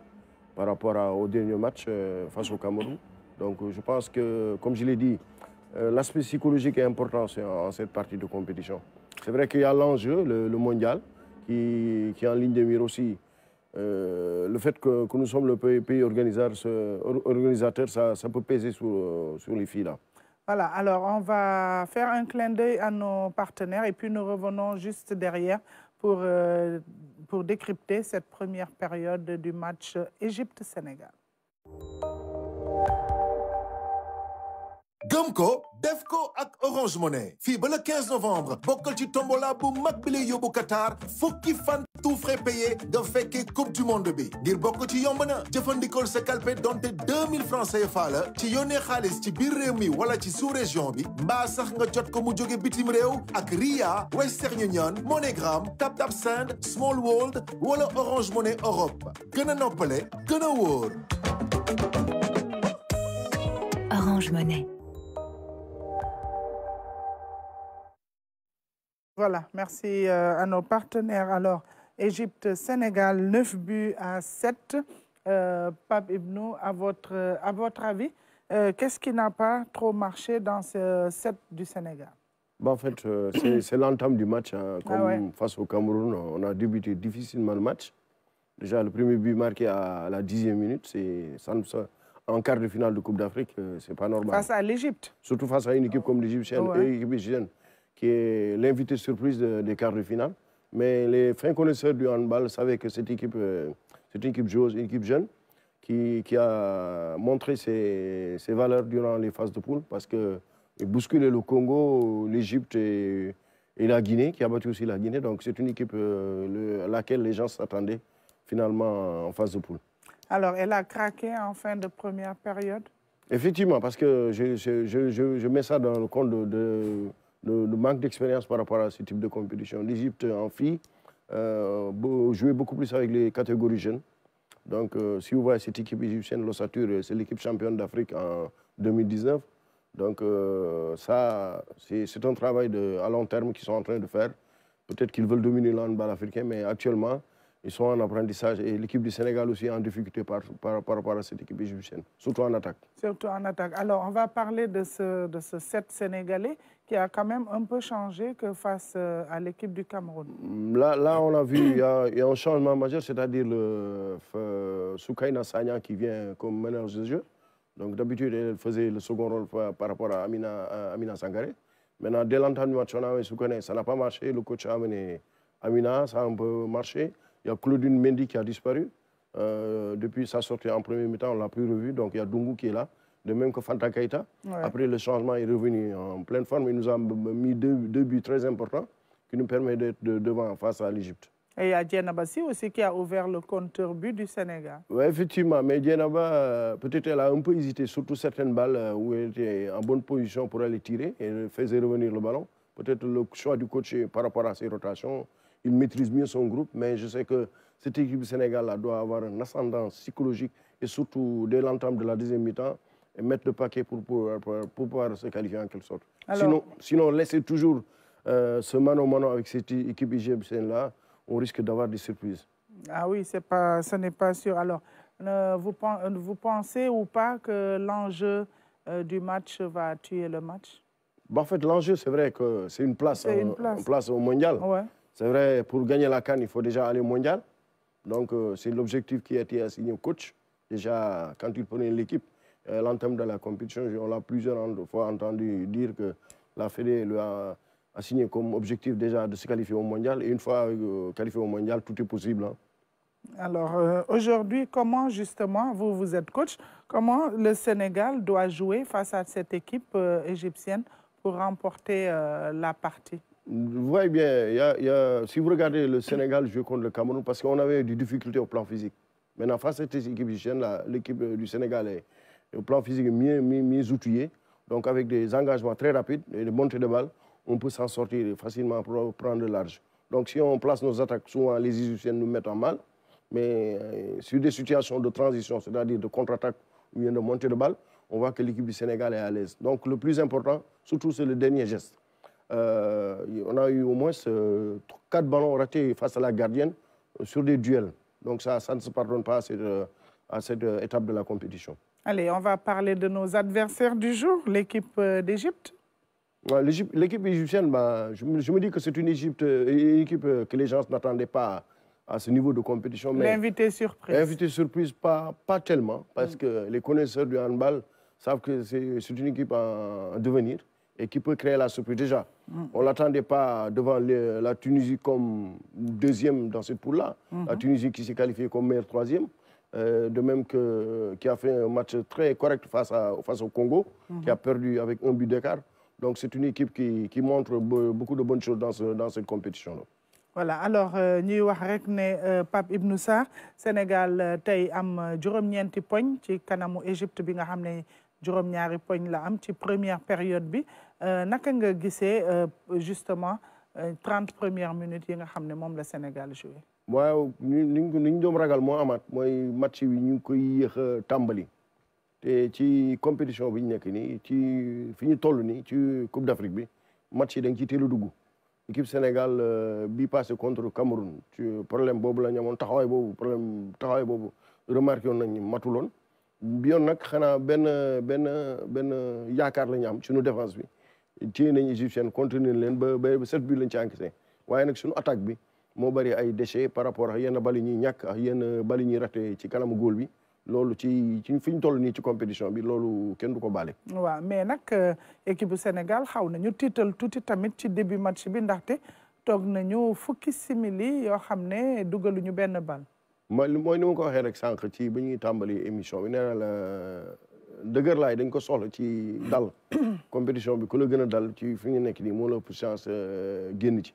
par rapport au dernier match euh, face au Cameroun. Donc euh, je pense que, comme je l'ai dit, euh, l'aspect psychologique est important en, cette partie de compétition. C'est vrai qu'il y a l'enjeu, le, mondial, qui, est en ligne de mire aussi. le fait que, nous sommes le pays, organisateur, ça, peut peser sur, les filles là. Voilà, alors on va faire un clin d'œil à nos partenaires et puis nous revenons juste derrière pour pour décrypter cette première période du match Égypte-Sénégal. Gamco, Defco ak Orange Money Fi ba le 15 novembre bokkal ci tombola bu mag bi lay Qatar fukki fan tout frais payé nga fekkee coupe du monde bi ngir bokk ci yomb na jëfandikool sa calpé donté 2000 francs CFA la ci yone xaliss ci bir réew mi wala ci sous région bi mbaa sax nga jot ko mu ak Ria Western Union MoneyGram Tap Send Small World wala Orange Money Europe gën a noppale gën Orange Money Voilà, merci euh, à nos partenaires. Alors, Égypte, Sénégal, 9 buts à 7. Euh, Pape Ibnou, à votre, à votre avis, euh, qu'est-ce qui n'a pas trop marché dans ce set du Sénégal bah, en fait, c'est l'entame du match. Hein. Ah face au Cameroun, on a débuté difficilement le match. Déjà, le premier but marqué à la dixième minute, c'est en quart de finale de Coupe d'Afrique, c'est pas normal. Face à l'Égypte Surtout face à une équipe ah comme l'Égypte, qui est l'invité surprise des quarts de finale. Mais les fins connaisseurs du handball savaient que cette équipe, euh, c'est une équipe joueuse, une équipe jeune, qui, qui a montré ses, valeurs durant les phases de poule parce que bousculait le Congo, l'Égypte et, la Guinée, qui a battu aussi la Guinée. Donc c'est une équipe euh, à laquelle les gens s'attendaient finalement en phase de poule. Alors, elle a craqué en fin de première période Effectivement, parce que je, je, je, mets ça dans le compte de le, manque d'expérience par rapport à ce type de compétition. L'Égypte en fille euh, jouait beaucoup plus avec les catégories jeunes. Donc, euh, si vous voyez cette équipe égyptienne, l'Ossature, euh, c'est l'équipe championne d'Afrique en 2019. Donc, euh, ça, c'est un travail de, à long terme qu'ils sont en train de faire. Peut-être qu'ils veulent dominer l'handball africain, mais actuellement, ils sont en apprentissage. Et l'équipe du Sénégal aussi est en difficulté par, par, rapport à cette équipe égyptienne, surtout en attaque. Surtout en attaque. Alors, on va parler de ce, de ce set sénégalais qui a quand même un peu changé que face euh, à l'équipe du Cameroun. Là, là on a vu, il y, a, un changement majeur, c'est-à-dire le euh, Soukaina Sanya qui vient comme meneur de jeu. Donc d'habitude, elle faisait le second rôle par, rapport à Amina, Sangare. Maintenant, dès l'entente du match, on a Soukaina, ça n'a pas marché. Le coach a amené Amina, ça a un peu marché. Il y a Claudine Mendy qui a disparu. Euh, depuis sa sortie en premier mi-temps, on ne l'a plus revu. Donc il y a Dungu qui est là de même que Fanta Keita. Après, le changement il est revenu en pleine forme. Il nous a mis deux, buts très importants qui nous permettent d'être devant face à l'Égypte. Et il y a aussi qui a ouvert le compteur but du Sénégal. Oui, effectivement, mais Djenaba, euh, peut-être elle a un peu hésité, surtout certaines balles euh, où elle était en bonne position pour aller tirer et faisait revenir le ballon. Peut-être le choix du coach par rapport à ses rotations, il maîtrise mieux son groupe, mais je sais que cette équipe du Sénégal doit avoir un ascendant psychologique et surtout dès l'entame de la deuxième mi-temps, et mettre le paquet pour, euh, pour, euh, pour, pouvoir se qualifier en quelque sorte. Sinon, sinon, laisser toujours euh, ce mano-mano avec cette équipe IGBCN-là, on risque d'avoir des surprises. Ah oui, pas, ce n'est pas sûr. Alors, vous, vous, pensez ou pas que l'enjeu du match va tuer le match bah, En fait, l'enjeu, c'est vrai que c'est une, place, place. au mondial. C'est vrai, pour gagner la Cannes, il faut déjà aller au mondial. Donc, c'est l'objectif qui a été assigné au coach, déjà quand il prenait l'équipe. En euh, l'entame de la compétition, on l'a plusieurs fois entendu dire que la Fédé lui a, signé comme objectif déjà de se qualifier au mondial. Et une fois euh, qualifié au mondial, tout est possible. Hein. Alors, euh, aujourd'hui, comment justement, vous, vous êtes coach, comment le Sénégal doit jouer face à cette équipe égyptienne pour remporter la partie vous voyez bien, si vous regardez le Sénégal jouer contre le Cameroun, parce qu'on avait des difficultés au plan physique. Maintenant, face à cette équipe égyptienne, l'équipe du Sénégal est, le plan physique est mieux, outillé. Donc, avec des engagements très rapides et des montées de balles, on peut s'en sortir facilement pour prendre large. Donc, si on place nos attaques, souvent les Égyptiens nous mettent en mal. Mais euh, sur des situations de transition, c'est-à-dire de contre-attaque ou de montée de balles, on voit que l'équipe du Sénégal est à l'aise. Donc, le plus important, surtout, c'est le dernier geste. Euh, on a eu au moins euh, quatre ballons ratés face à la gardienne sur des duels. Donc, ça, ça ne se pardonne pas à cette étape de la compétition. Allez, on va parler de nos adversaires du jour, l'équipe euh, d'Égypte. L'équipe égyptienne, ben, je, me, dis que c'est une, une euh, équipe euh, que les gens n'attendaient pas à ce niveau de compétition. L'invité surprise. L'invité surprise, pas, tellement, parce mm. que les connaisseurs du handball savent que c'est une équipe à devenir et qui peut créer la surprise. Déjà, mm. on ne l'attendait pas devant la Tunisie comme deuxième dans ce poule-là, mm-hmm. la Tunisie qui s'est qualifiée comme meilleure troisième. Euh, de même que, qui a fait un match très correct face, au Congo, qui a mhm. perdu avec un but d'écart. Donc c'est une équipe qui, montre beaucoup de bonnes choses dans, cette compétition voilà alors nous euh, wax rek euh, Pape Sénégal Égypte la première période justement 30 premières minutes yi nga Sénégal waaw niñ ko niñ doon ragal moo amaat mooy match bi ñu ngi koy yéex a tàmbali te ci compétition bi ñu nekk nii ci fi ñu toll nii ci Coupe d'Afrique bi match yi da nga ciy teel a dugg équipe Sénégal euh, bi passé contre Cameroun ci problème boobu la ñu amoon taxawaay boobu problème taxawaay boobu remarqué woon nañu matuloon bi yoon nag xanaa benn benn benn yaakaar la ñu am suñu défense bi téye nañ égyptienne continuer leen ba ba set bi lañ ci encaissé waaye nag suñu attaque bi moo bari ay déchets par rapport ak yenn bali ñuy ñàkk ak yenn bali ñuy raté ci kanamu góol bi loolu ci ci fi ñu toll nii ci compétition bi loolu kenn du ko baale. waaw mais nag euh, équipe bu Sénégal xaw nañu tiital tuuti tamit ci début match bi ndaxte toog nañu fukki simili yoo xam ne dugaluñu benn bal. mooy mooy ni ma ko waxee rek sànq ci bi ñuy tàmbali émission bi nee na la euh, dëgër laay dañ ko soxla ci dal compétition bi ku la gën a dal ci fi ñu nekk nii moo la ëpp chance euh, génn ci.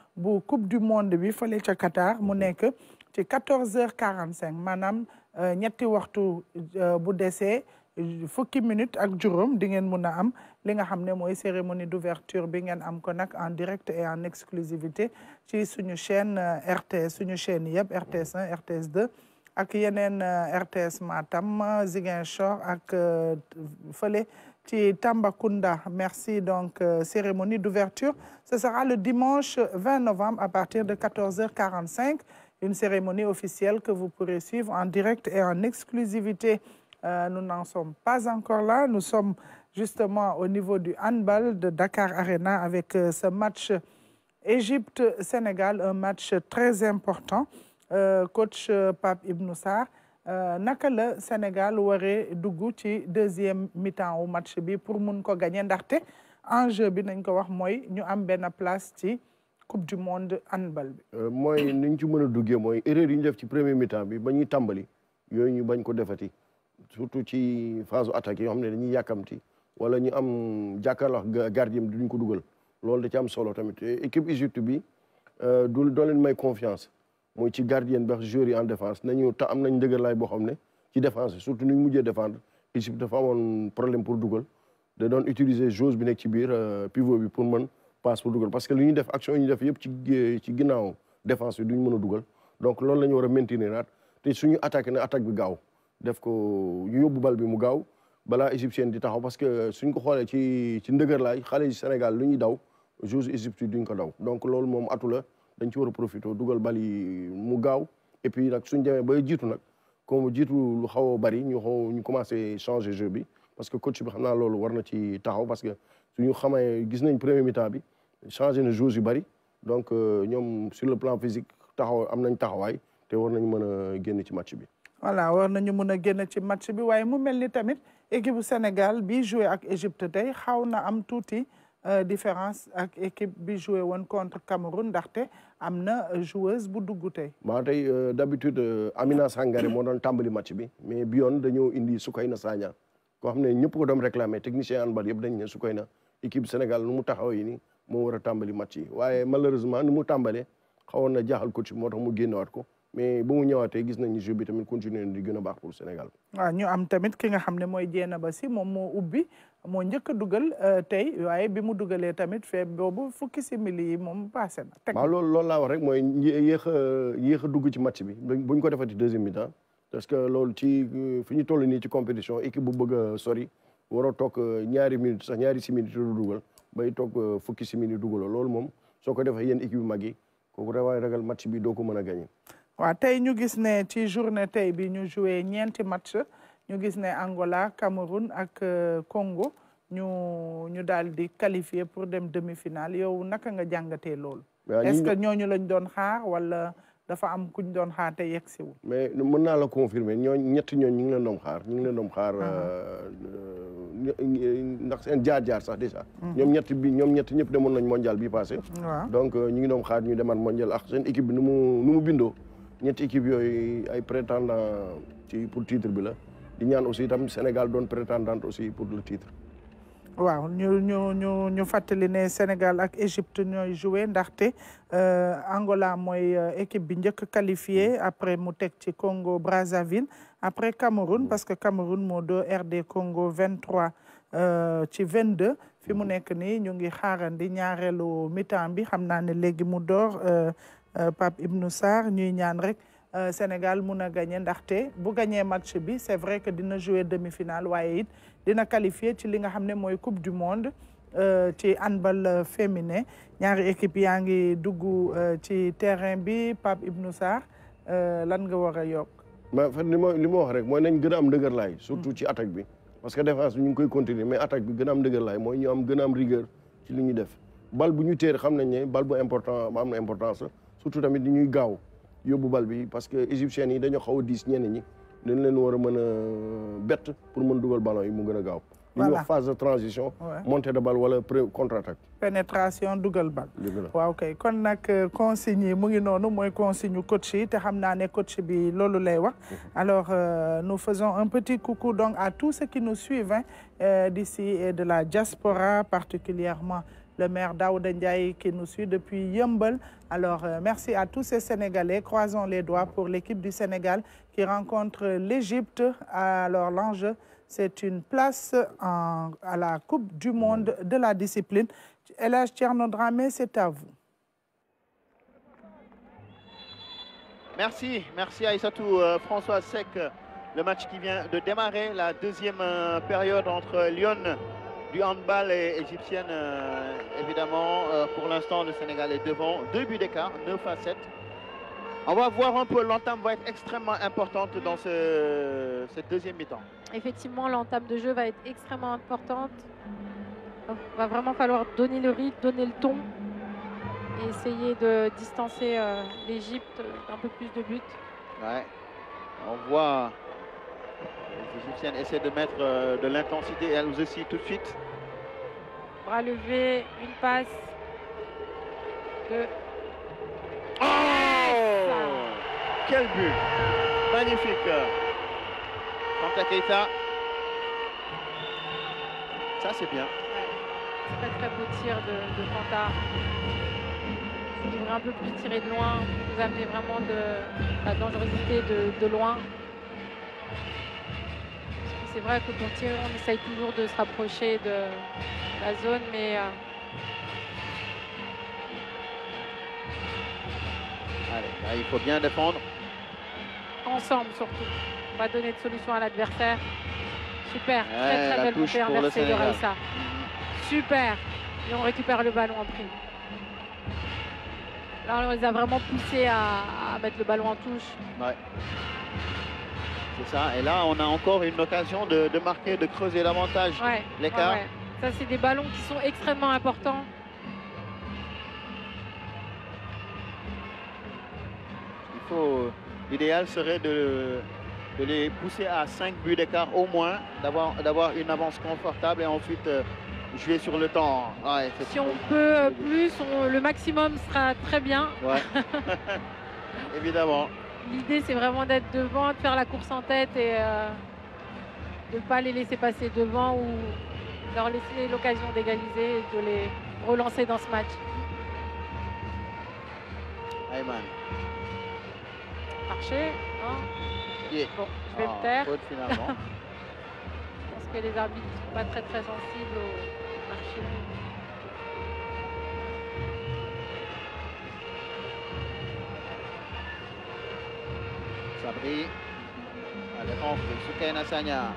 la coupe du monde bi fële ca Qatar mu mhm. nek ci 14h45 manam euh, ñetti waxtu euh, bu déssé euh, fukki minute ak juróom di ngeen mëna am li nga xamné moy cérémonie d'ouverture bi ngeen am ko en direct et en exclusivité sur suñu chaîne RTS suñu chaîne RTS 1 RTS 2 ak yenen RTS Matam Ziguinchor ak Tambakunda, merci donc euh, cérémonie d'ouverture ce sera le dimanche 20 novembre à partir de 14h45 une cérémonie officielle que vous pourrez suivre en direct et en exclusivité euh, nous n'en sommes pas encore là nous sommes justement au niveau du handball de Dakar Arena avec euh, ce match Égypte-Sénégal un match très important coach Pape Ibn Sarr Euh, naka la Sénégal waree dugg ci deuxième mi wu match bi pour mun ko gagner ndaxte enjeu bi nañ ko wax mooy ñu am benn place ci coupe du monde handball bi. Euh, mooy ni ñu ci mën a duggee mooy erreur yi ñu def ci premier mi bi ba ñuy tàmbali yooyu ñu bañ ko defati surtout ci phase attaque yoo xam ne dañuy yàkkamti wala ñu am jàkkaarloo gardien duñ ko dugal loolu da ci am solo tamit équipe Égypte bi euh, du doo leen may confiance. mooy ci gardien bi ak joueurs yi en nañu te am nañ ndëgërlaay boo xam ne ci défense surtout nu ñu mujjee défendre Égypte dafa amoon problème pour dugal da doon utiliser jose bi nekk ci biir euh, pivot bi pour man passe pour dugal parce que lu ñuy def action yi ñu def yëpp ci euh, ci ginnaaw défense bi duñ mën a dugal donc loolu la ñu war a maintenir naat te suñu attaqué na attaque bi gaaw def ko ñu bal bi mu gaaw balaa égyptienne di taxaw parce que suñ ko xoolee ci ci ndëgërlaay xale yi Sénégal lu ñuy daw joueurs Égypte duñ ko daw donc loolu moom atula dañ ci war a profité dugal bal yi mu gaaw et puis nag suñ demee bay jiitu nag comme jiitu lu xaw a bari ñu xaw ñu commencé changer jeu bi parce que coach bi xam naa loolu war na ci taxaw parce que suñu xamee gis nañ premier mi-temps bi changé na joueurs yu bari donc euh, ñoom sur le plan physique taxaw am nañ taxawaay te war nañ mën a génn ci match bi. voilà war nañu mën a génn ci match bi waaye mu mel ni tamit équipe bu Sénégal bi joué ak Égypte tey xaw na am tuuti. Euh, différence ak équipe bi joué woon contre Cameroun ndaxte am na joueuse bu dugg tey. maa tey euh, d'habitude euh, Amina Sangaré moo doon tàmbali match bi mais bi yoon dañoo indi Soukayna Sagna koo xam ne ñëpp ko doon réclamé technicien handball yëpp dañ ne Soukayna équipe Sénégal nu mu taxaw yi ni moo war a tàmbali match yi waaye malheureusement nu mu tàmbalee xawoon na jaaxal coach moo tax mu génnewaat ko. mais bu mu ñëwaatee gis nañu jeu bi tamit continuer di gën a baax pour Sénégal. waaw ñu am tamit ki nga xam ne mooy Dieynaba Sy moom moo ubbi moo njëkk a dugal euh, tey waaye bi mu dugalee tamit fee boobu fukki simili yi moom passé na. loolu loolu laa wax rek mooy yéex a yéex a dugg ci match bi buñ ko defati deuxième mi-temps parce que loolu ci euh, fi ñu toll nii ci compétition équipe bu bëgg a sori waroo toog euh, ñaari minutes sax ñaari simili du dugal bay toog fukki simili dugaloo loolu moom soo ko defee yéen équipe yu mag yi kooku dafay ragal match bi doo ko mën a gagné. waaw tey ñu gis ne ci journée tey bi ñu joué ñeenti match ñu gis ne Angola Cameroun ak euh, Congo ñu ñu daal di qualifié pour dem demi-finale yow naka nga jàngatee loolu. est-ce que ñooñu lañ doon xaar wala dafa am kuñ doon xaar te yegg siwul nu mun naa la confirmer ñooñu ñetti ñooñu ñu ngi leen doon xaar ñu ngi leen doon xaar. Ah. Euh, ndax seen jaar-jaar sax déjà mm-hmm. ñoom ñett bi ñoom ñett ñëpp demoon nañ mondial bi passé donc euh, ñu ngi doon xaar ñu demaat mondial ak seen équipe bi nu mu nu mu bindoo ñetti équipe yooyu ay prétendant ci pour titre bi la di ñaan aussi itam Sénégal doon prétendante aussi pour le titre. waaw ñu ñu ñu fàttali ne Sénégal ak Égypte ñooy joué ndaxte euh, Angola mooy euh, équipe bi njëkk qualifié après mu teg ci Congo Brazzaville après Cameroun parce que Cameroun moo doo RD Congo 23 euh, ci 22 fi mu nekk nii ñu ngi xaarandi ñaareelu mi bi xam naa ne léegi mu door. Euh, Pape Ibnou Sarr ñuy ñaan rek euh, Sénégal mun a gagné ndaxte bu gañee match bi c'est vrai que dina jouer demi final waaye it dina qualifié ci li nga xam ne mooy coupe du monde euh, ci handball féminin ñaari équipe yaa ngi dugg ci terrain bi Pape Ibnou Sarr lan nga war a yokk. ma fan li ma li ma wax rek mooy nañ gën a am dëgër laay mm. surtout ci attaque bi parce que défense bi ñu ngi koy continuer mais attaque bi gën a am dëgër laay mooy ñu am gën am rigueur ci li ñu def bal bu ñu xam nañ ne bal bu am na la surtout tamit ñuy gaaw yóbbu bal bi parce que égyptiens yi dañu xaw a diis ñi dañ leen war a mën a euh, bett pour mën dugal ballon yi mu gën a gaaw. li wax phase de transition. montée de balle wala contre attaque. pénétration dugal bal. waaw kay kon nag euh, consigne yi mu ngi noonu mooy consigne coach yi te xam naa ne coach bi loolu lay wax. Mhm. alors euh, nous faisons un petit coucou donc à tous ceux qui nous suivent hein, d'ici et de la diaspora particulièrement le maire Daoud Ndiaye qui nous suit depuis Yumble. Alors, euh, merci à tous ces Sénégalais. Croisons les doigts pour l'équipe du Sénégal qui rencontre l'Égypte. Alors, l'enjeu, c'est une place à la Coupe du Monde de la discipline. Elage Tchernodramé, c'est à vous. Merci, merci à Isatou euh, François Sec. Euh, le match qui vient de démarrer, la deuxième période entre Lyon du handball égyptienne, euh, évidemment. Euh, pour l'instant, le Sénégal est devant. Deux buts d'écart, 9 à 7. On va voir un peu, l'entame va être extrêmement importante dans ce, cette deuxième mi-temps. Effectivement, l'entame de jeu va être extrêmement importante. Il va vraiment falloir donner le rythme, donner le ton et essayer de distancer euh, l'Égypte d'un peu plus de buts. Ouais. On voit les euh, Égyptiennes essaient de mettre euh, de l'intensité et elles nous aussi tout de suite. Bras levé, une passe. Deux. Oh Quel but Magnifique Fanta Keita. Ça, c'est bien. C'est Très très beau tir de, de Fanta. Il devrait un peu plus tirer de loin, vous amener vraiment de la dangerosité de loin c'est vrai que quand on essaye toujours de se rapprocher de la zone, mais euh, Allez, il faut bien défendre. Ensemble surtout. On va donner de solution à l'adversaire. Super. très très belle bouffée, merci de Super. Et on récupère le ballon en prime. Là, on les a vraiment poussés à, à mettre le ballon en touche. Ouais ça. Et là, on a encore une occasion de, marquer, de creuser davantage l'écart. Ça, c'est des ballons qui sont extrêmement importants. Il faut. L'idéal serait de, les pousser à 5 buts d'écart au moins, d'avoir une avance confortable et ensuite euh, jouer sur le temps. si on peut euh, plus, le maximum sera très bien. Évidemment l'idée c'est vraiment d'être devant, de faire la course en tête et euh, de ne pas les laisser passer devant ou leur laisser l'occasion d'égaliser et de les relancer dans ce match. Marché. je pense que les arbitres sont pas très très sensibles au... Sabri à l'errance de Soukain Assagna.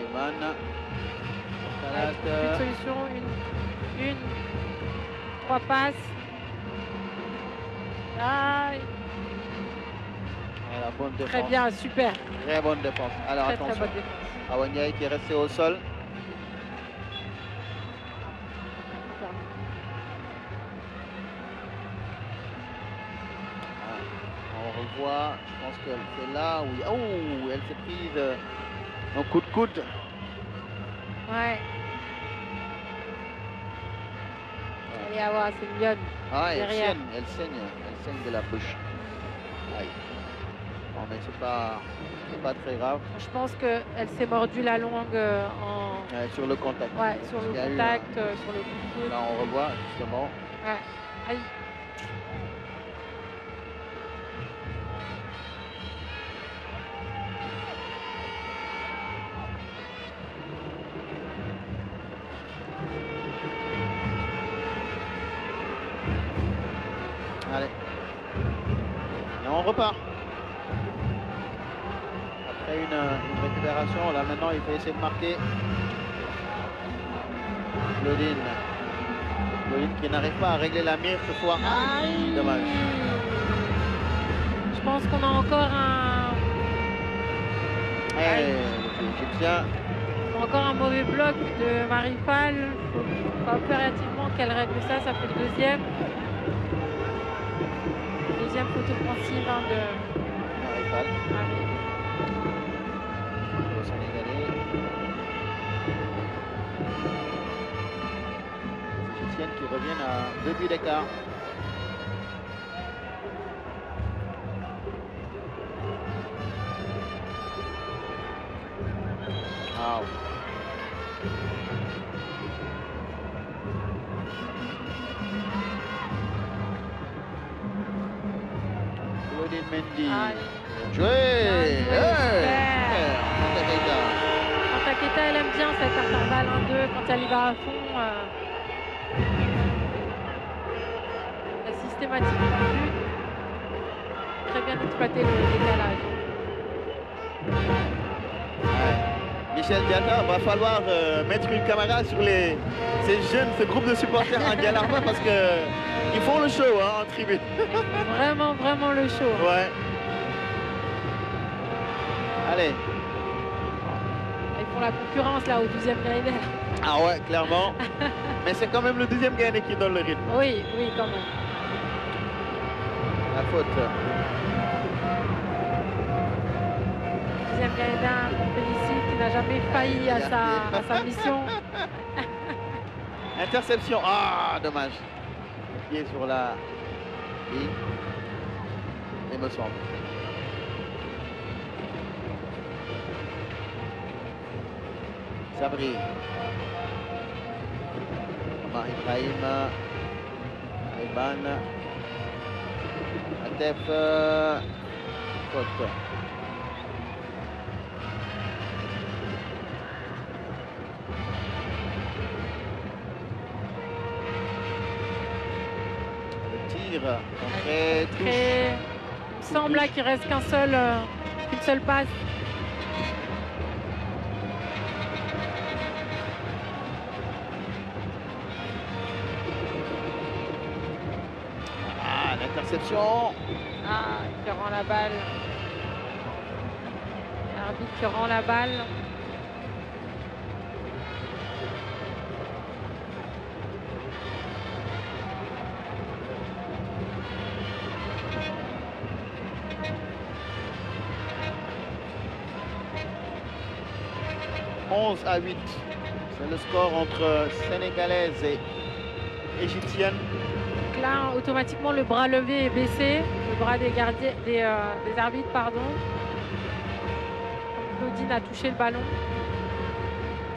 Ayman. Une solution, une, une, trois passes. Aïe. La bonne défense. Très bien, super. Très bonne défense. Alors attention. Très bonne défense. qui est resté au sol. on voit, je pense qu'elle est là, oui. Oh, elle s'est prise en euh, coup de coude. Ouais. est à voir, c'est une lionne. Ah, elle saigne, elle saigne, elle saigne de la bouche. mais c'est pas, pas très grave. Je pense qu'elle s'est mordue la langue euh, en... sur le contact. Ouais, sur le contact, euh, sur le coup coude. Là, on revoit, justement. Ouais. C'est de Claudine. qui n'arrive pas à régler la mire ce soir. Dommage. Je pense qu'on a encore un. Eh, encore un mauvais bloc de Il Faut opérativement qu'elle règle ça, ça fait le deuxième. Deuxième photo offensive de marie qui reviennent à deux buts d'écart. Wow. Claudine Mendy. Joué Taketa, elle aime bien cet intervalle 1-2 quand elle y va à fond. Euh... très bien exploité le décalage. Michel Diata, va falloir euh, mettre une caméra sur les, ces jeunes, ce groupe de supporters en Galarba parce qu'ils font le show hein, en tribune. vraiment, vraiment le show. Ouais. Allez. Ils font la concurrence là au deuxième Gainer. Ah ouais, clairement. Mais c'est quand même le deuxième Gainer qui donne le rythme. Oui, oui, quand même la faute. Deuxième un policier qui n'a jamais failli à sa, mission. Interception. Ah, dommage. Il est sur la ligne, il me semble. Sabri. Omar Ibrahim def faute euh, le tir entrée, touche. il me semble qu'il reste qu'un seul qu'une euh, seule passe Ah, qui rend la balle. L'arbitre qui rend la balle. 11 à 8. C'est le score entre Sénégalaise et Égyptienne automatiquement, le bras levé et baissé, le bras des, gardiens, des, euh, arbitres, pardon. Claudine a touché le ballon.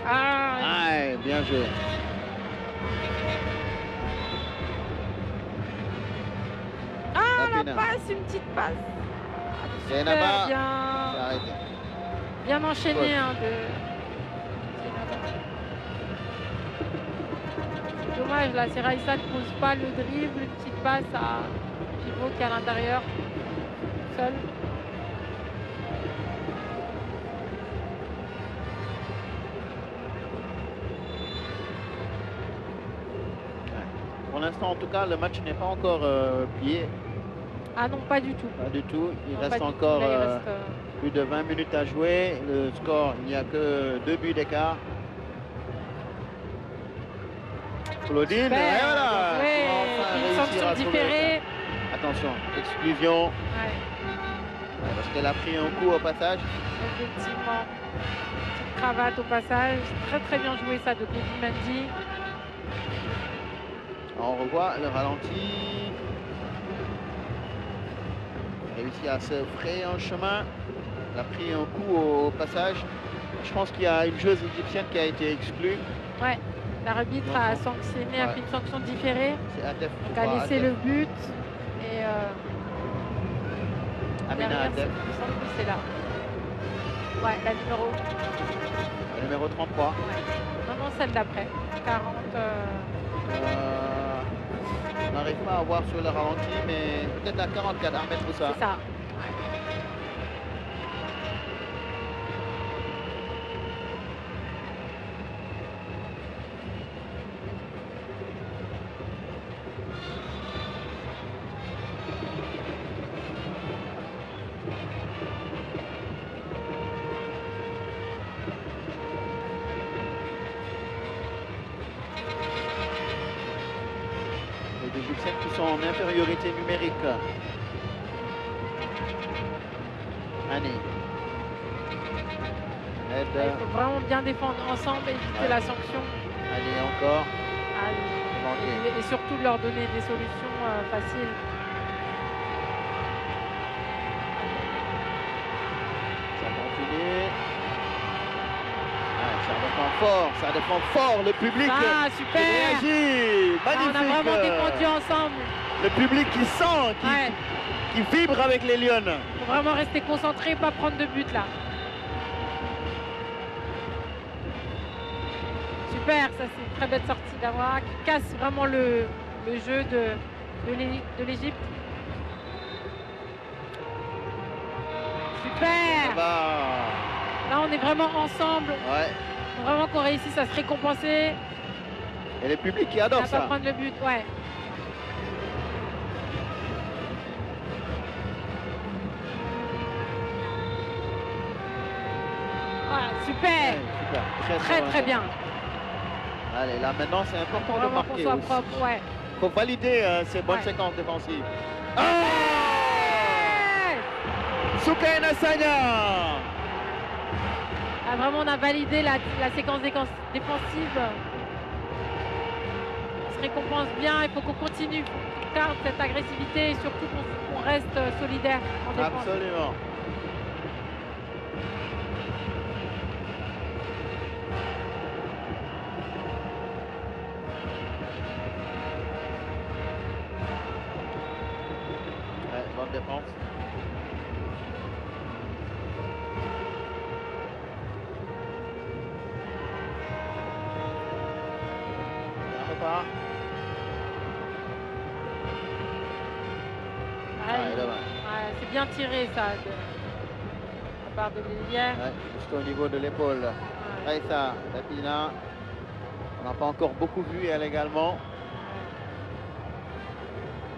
Ah, ah bien joué. Ah, la, passe, une petite passe. bien, bien enchaîné hein, de, dommage. Là, Raissa ne pose pas le dribble, petite passe à Pivot qui est à l'intérieur, seul. Pour l'instant, en tout cas, le match n'est pas encore euh, plié. Ah non, pas du tout. Pas du tout. Il reste encore euh, euh, plus de 20 minutes à jouer. Le score, il n'y a que deux buts d'écart. Claudine, voilà Une sanction différée. Attention, exclusion. Parce qu'elle a pris un coup au passage. Effectivement. Petite cravate au passage. Très très bien joué ça de Claudine On revoit le ralenti. Réussi à se frayer un chemin. Elle a pris un coup au passage. Je pense qu'il y a une joueuse égyptienne qui a été exclue. Ouais. L'arbitre a sanctionné, fait une sanction différée. Donc a laissé le but. Et euh, derrière, c'est là. Ouais, la numéro. La numéro 33. Non, non, celle d'après. 40. Euh, euh, on n'arrive pas à voir sur le ralenti, mais peut-être à 44, ou ça. C'est ça. donner des solutions euh, faciles. Ça ah, dépend ça défend fort, ça défend fort le public. Ah, super. Magnifique. Ah, on a vraiment défendu ensemble. Le public qui sent, qui, vibre avec les Lyonnes. Faut vraiment rester concentré, pas prendre de but là. Super, ça c'est une très belle sortie d'avoir qui casse vraiment le, le jeu de, de l'Égypte. Super Là, on est vraiment ensemble. Ouais. Vraiment qu'on réussisse à se récompenser. Et les publics qui adorent ça. prendre le but, ouais. super. Très, très, bien. Allez, là maintenant, c'est important de marquer. propre, faut valider euh, ces bonnes séquences défensives. Ah! Ah, vraiment, on a validé la, séquence défensive. On se récompense bien, il faut qu'on continue, qu'on garde cette agressivité et surtout qu'on reste euh, solidaire en défense. Absolument. de part de jusqu'au niveau de l'épaule. on n'a pas encore beaucoup vu elle également.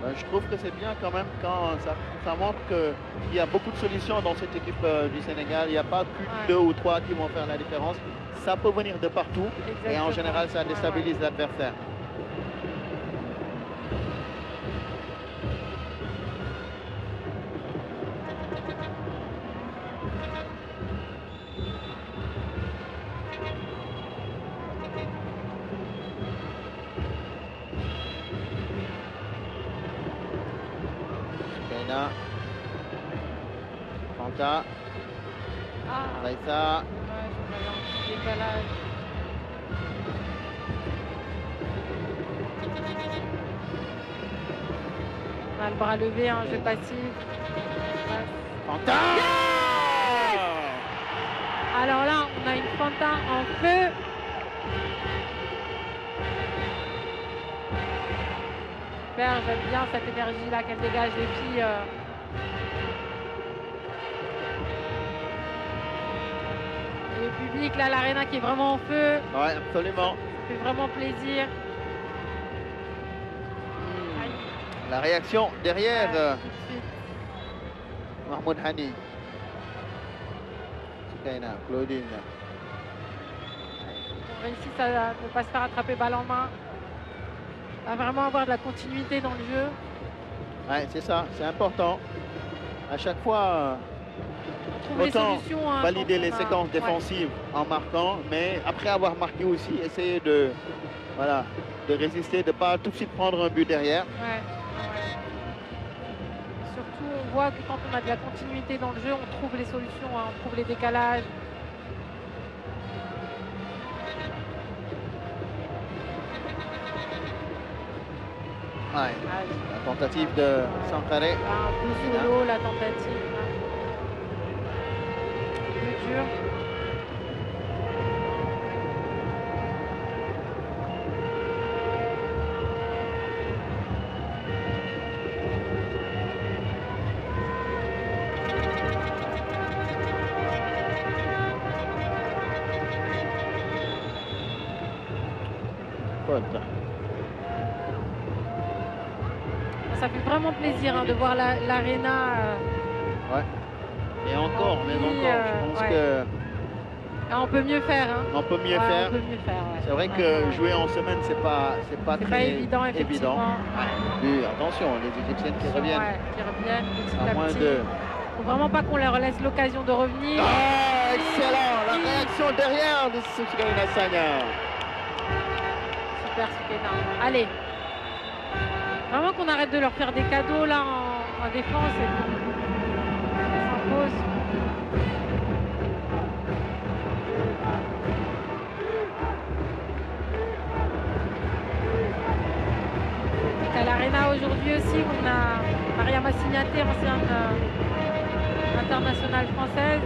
Ben, je trouve que c'est bien quand même quand ça, montre qu'il y a beaucoup de solutions dans cette équipe euh, du Sénégal. Il n'y a pas que deux ou trois qui vont faire la différence. Ça peut venir de partout et en général ça déstabilise l'adversaire. Je Alors là, on a une Fanta en feu. Super, j'aime bien cette énergie là qu'elle dégage les filles. Euh. Le public là, l'arena qui est vraiment en feu. Ouais, absolument. Ça fait vraiment plaisir. La réaction derrière euh, Mahmoud Hani. Claudine. On réussit à ne pas se faire attraper balle en main, à vraiment avoir de la continuité dans le jeu. Ouais, c'est ça, c'est important. À chaque fois, Trouver autant hein, valider les séquences défensives en marquant, mais après avoir marqué aussi, essayer de, voilà, de résister, de ne pas tout de suite prendre un but derrière que quand on a de la continuité dans le jeu, on trouve les solutions, hein, on trouve les décalages. La tentative de Sankaré. Un peu l'eau, la tentative. Hein. Plus dur. plaisir hein, de voir l'aréna. Euh, ouais. Et encore, mais encore, je euh, pense que. Ah, on peut mieux faire. Hein. On peut mieux faire. faire C'est vrai que jouer en semaine, c'est pas, c'est pas très pas évident. évident. Mais attention, les Égyptiennes qui reviennent. qui reviennent petit à, moins de. Faut vraiment pas qu'on leur laisse l'occasion de revenir. Ah, excellent, la réaction derrière de la Sanya. Super super Allez, qu'on arrête de leur faire des cadeaux là en, défense et qu'on À l'Arena aujourd'hui aussi, on a Maria Massignaté, ancienne euh, internationale française,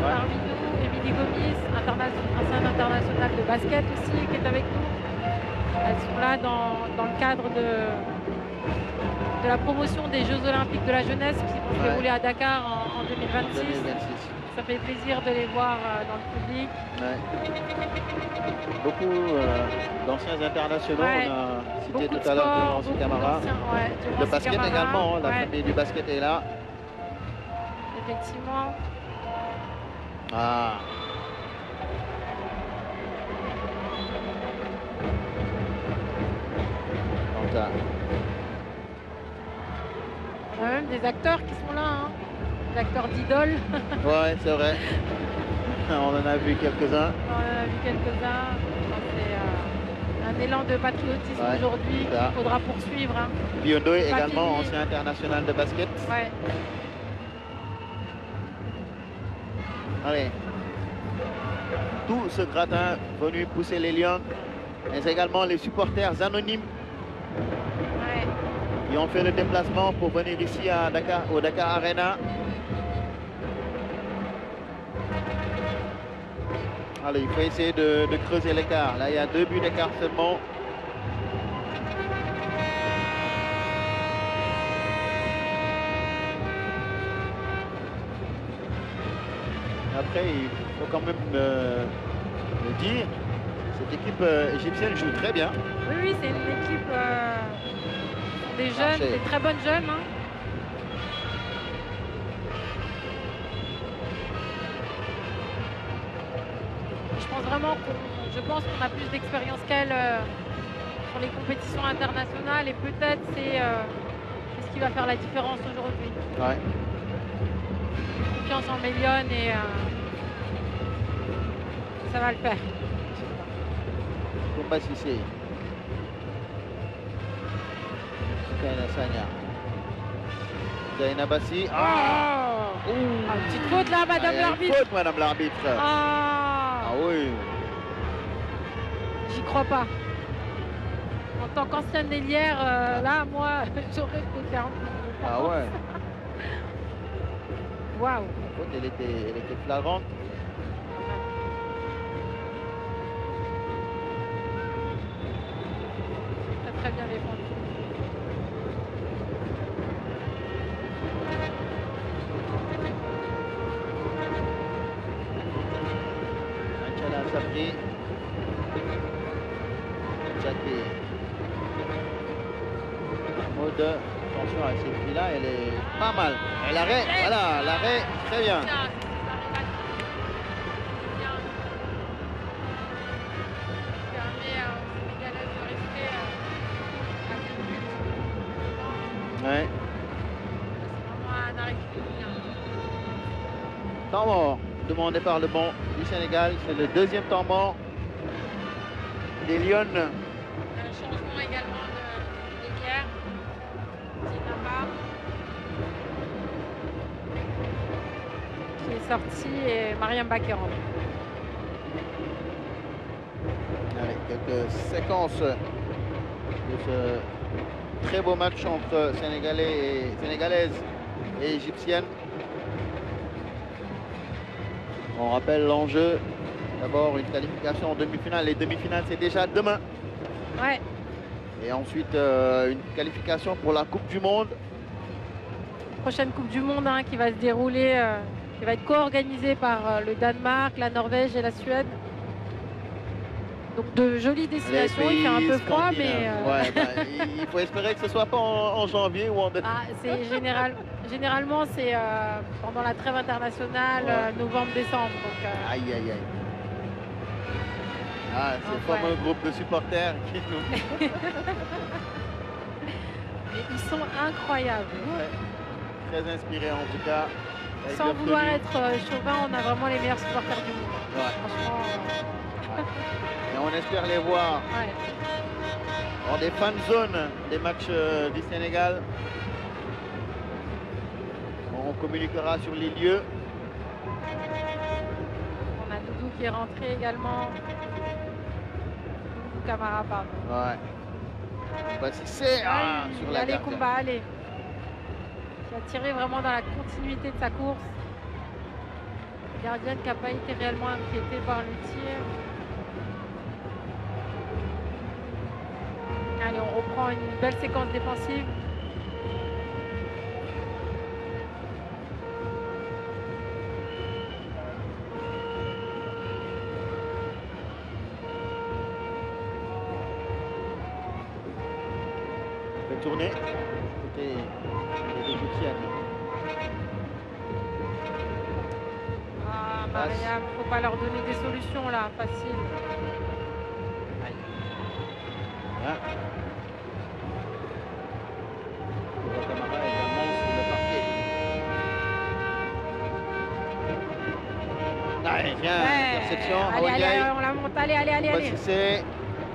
parmi nous, Émilie Gomis, ancienne internationale de basket aussi, qui est avec nous. Elles sont là dans le cadre de, de la promotion des Jeux Olympiques de la jeunesse qui vont se dérouler à Dakar en, 2026. Ça fait plaisir de les voir euh, dans le public. Beaucoup euh, d'anciens internationaux, on a cité tout à l'heure de le basket également, hein, la famille du basket est là. Effectivement. Ah des acteurs qui sont là, hein. des acteurs d'idoles. ouais, c'est vrai. On en a vu quelques-uns. On en a vu quelques-uns. C'est euh, un élan de patriotisme aujourd'hui qu'il faudra poursuivre. Hein. Biondo est également ancien international de basket. Ouais. Allez. Tout ce gratin venu pousser les lions, mais également les supporters anonymes ils ont fait le déplacement pour venir ici à Dakar, au Dakar Arena. Allez, il faut essayer de, creuser l'écart. Là, il y a deux buts d'écart seulement. Après, il faut quand même euh, le dire, cette équipe euh, égyptienne joue très bien. Oui, oui, c'est une équipe... Euh, des jeunes, des très bonnes jeunes. Hein. Je pense vraiment qu'on, je a plus d'expérience qu'elle euh, sur les compétitions internationales et peut-être euh, c'est, ce qui va faire la différence aujourd'hui. Ouais. Confiance en Mélione et euh, ça va le faire. Je ne pas si inasanya Zain Abassi. Oh ah ah, oh. une petite faute là, Madame l'arbitre. Faute, Madame l'arbitre. Ah, ah oui. J'y crois pas. En tant qu'ancienne ailière, euh, ah. là, moi, j'aurais pu faire. Ah ouais. Waouh. elle était, elle était flagrante. est par le banc du Sénégal. C'est le deuxième temps mort des Lyonnes. Un euh, changement également de, Qui est sorti et Mariam Bakero. quelques séquences de ce très beau match entre Sénégalais et, Sénégalaises et Égyptiennes. On rappelle l'enjeu. D'abord une qualification en demi-finale. Les demi-finales, c'est déjà demain. Ouais. Et ensuite euh, une qualification pour la Coupe du Monde. Prochaine Coupe du Monde hein, qui va se dérouler, euh, qui va être co-organisée par euh, le Danemark, la Norvège et la Suède. Donc de jolies destinations, il fait un peu froid, mais... Ouais, bah, il faut espérer que ce soit pas en, janvier ou en décembre. Ah, c'est général. Généralement, c'est euh, pendant la trêve internationale, euh, novembre-décembre. Euh. Aïe, aïe, aïe. Ah, c'est vraiment ah, groupe de supporters qui nous... ils sont incroyables. Très inspirés en tout cas. Sans vouloir être chauvin, on a vraiment les meilleurs supporters du monde. Franchement. Et on espère les voir. Dans des fan zones des matchs du Sénégal. On communiquera sur les lieux. On a Doudou qui est rentré également. Doudou Camara, pardon. Ouais. Bah, c'est sur la Allez, Kumba, allez. Qui a tiré vraiment dans la continuité de sa course. Gardienne qui n'a pas été réellement inquiété par le tir. Allez, on reprend une belle séquence défensive. tourner côté des Égyptiennes. Ah, ne ah, faut pas leur donner des solutions là, facile. Hein allez, viens, perception. Allez, allez, on la monte, allez, allez, allez. allez.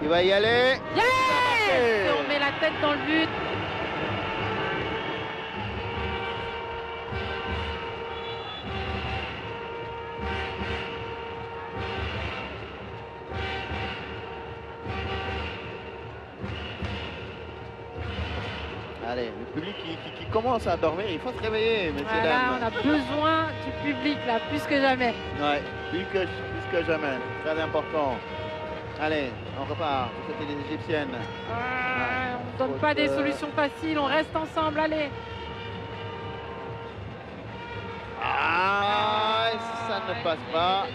Il va y aller. Yeah on met la tête dans le but. commence à dormir, il faut se réveiller, mais voilà, On a besoin du public, là, plus que jamais. Ouais, plus que, plus que jamais. Très important. Allez, on repart vous êtes Égyptiennes. on ne donne pas des solutions faciles, on reste ensemble, allez. Ah, ça ne passe pas.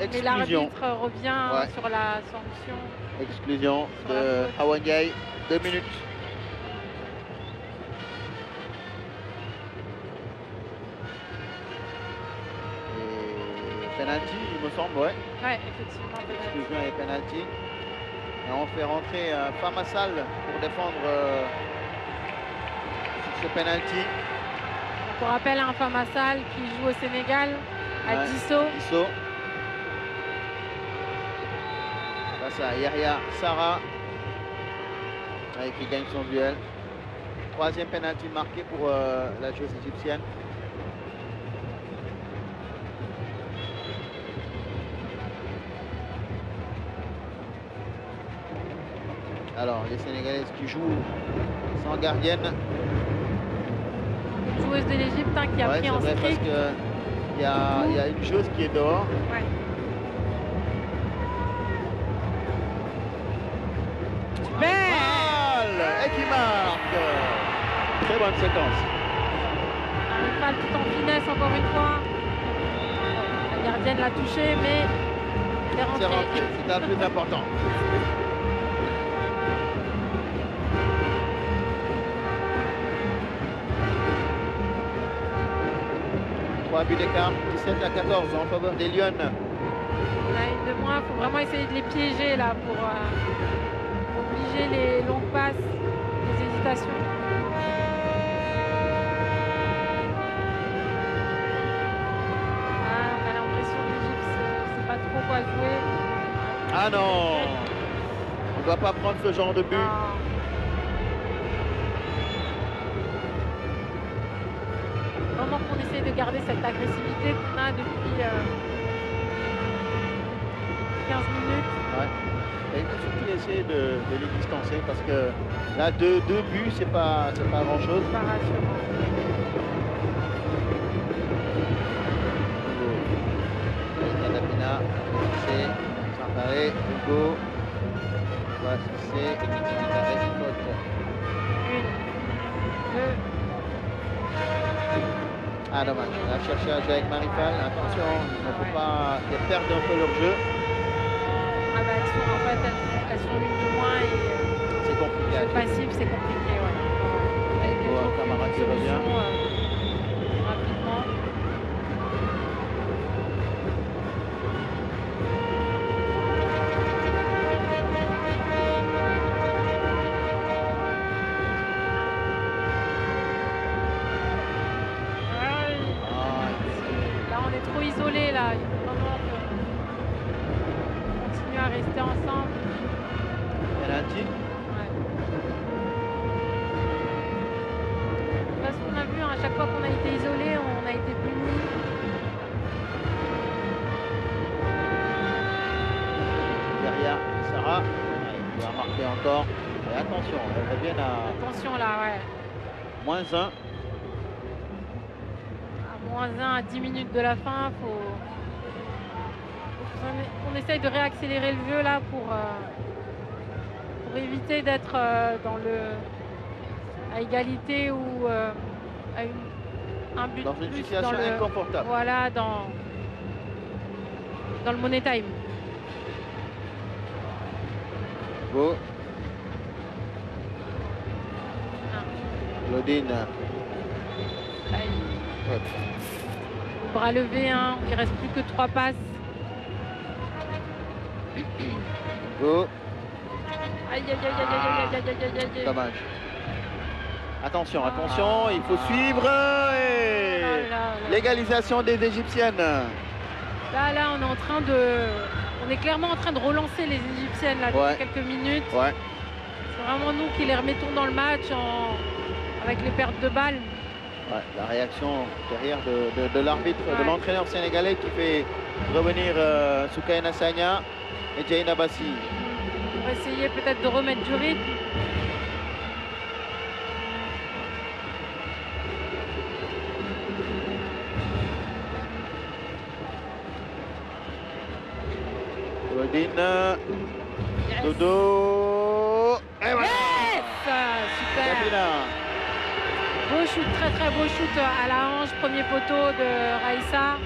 Exclusion. Et l'arbitre revient sur la sanction. Exclusion de Hawangay, deux minutes. on fait rentrer à euh, salle pour défendre euh, ce penalty. Pour rappel, un hein, à salle qui joue au Sénégal à disso Dissot. Il y Sarah qui gagne son duel. Troisième penalty marqué pour euh, la joueuse égyptienne. Alors, les Sénégalaises qui jouent sans gardienne. Une joueuse de l'Égypte hein, qui a pris en vrai, parce que Il y, a une chose qui est dehors. Ouais. et qui marque. Très bonne séquence. N'arrive pas tout en finesse encore une fois. La gardienne l'a touché, mais c'est rentré. C'est un plus important. un but d'écart, 17 à 14 en faveur des Lyonnes. de moins, il faut vraiment essayer de les piéger là euh, pour obliger les longues passes, les hésitations. Ah, on a l'impression que l'Égypte ne sait pas trop quoi jouer. Ah non On ne doit pas prendre ce genre de but. garder cette agressivité qu'on a depuis euh, 15 minutes. Ouais. Et surtout essayer de, de, les distancer parce que là, deux, deux buts, c'est pas, pas grand chose. Pas rassurant. Santaré, Hugo, Boississé c'est Miki Une, deux, ah, dommage. La jouer avec Marifal. Attention, il ne faut pas qu'elles perdent un peu leur jeu. Ah, bah, elles sont, en fait, elles, sont une de moins et. Euh, c'est compliqué. C'est passif, c'est compliqué, ouais. Avec ouais, camarade qui revient. Euh, Attention là, ouais. Moins 1. À moins un à 10 minutes de la fin, faut... On essaye de réaccélérer le jeu là pour, euh, pour éviter d'être euh, dans le à égalité ou euh, à un but dans une situation inconfortable. Voilà, dans, dans le money time. Beau. Claudine. Bras levé, il reste plus que trois passes. Go. Dommage. Attention, attention, ah. il faut suivre. Oh l'égalisation des Égyptiennes. Là, là, on est en train de... On est clairement en train de relancer les Égyptiennes là, depuis quelques minutes. C'est vraiment nous qui les remettons dans le match en, avec les pertes de balles. la réaction derrière de, l'arbitre, de, l'entraîneur sénégalais qui fait revenir euh, Soukaina et Jaina Bassi. On essayer peut-être de remettre du rythme. Rodine, yes. et voilà. très très beau shoot euh, à la hanche, premier poteau de Raissa.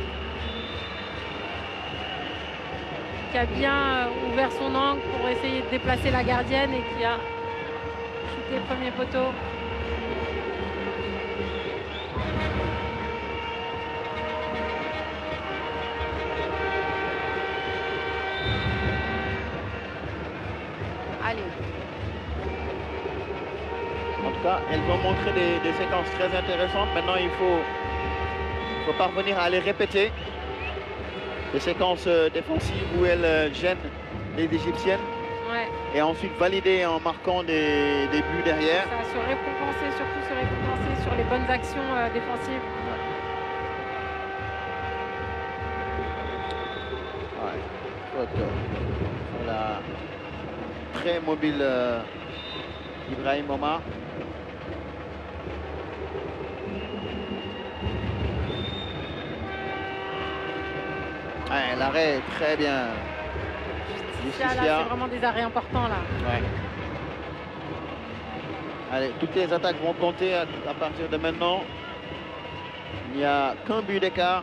Qui a bien euh, ouvert son angle pour essayer de déplacer la gardienne et qui a shooté premier poteau. Allez. Elle elles vont montrer des, séquences très intéressantes. Maintenant, il faut, parvenir à les répéter. Les séquences euh, défensives où elles euh, gênent les Égyptiennes. Et ensuite valider en marquant des, buts derrière. Ça, se récompenser, surtout se récompenser sur les bonnes actions euh, défensives. Voilà. Très mobile Ibrahim Omar. l'arrêt, est très bien. C'est vraiment des arrêts importants là. Allez, toutes les attaques vont compter à partir de maintenant. Il n'y a qu'un but d'écart.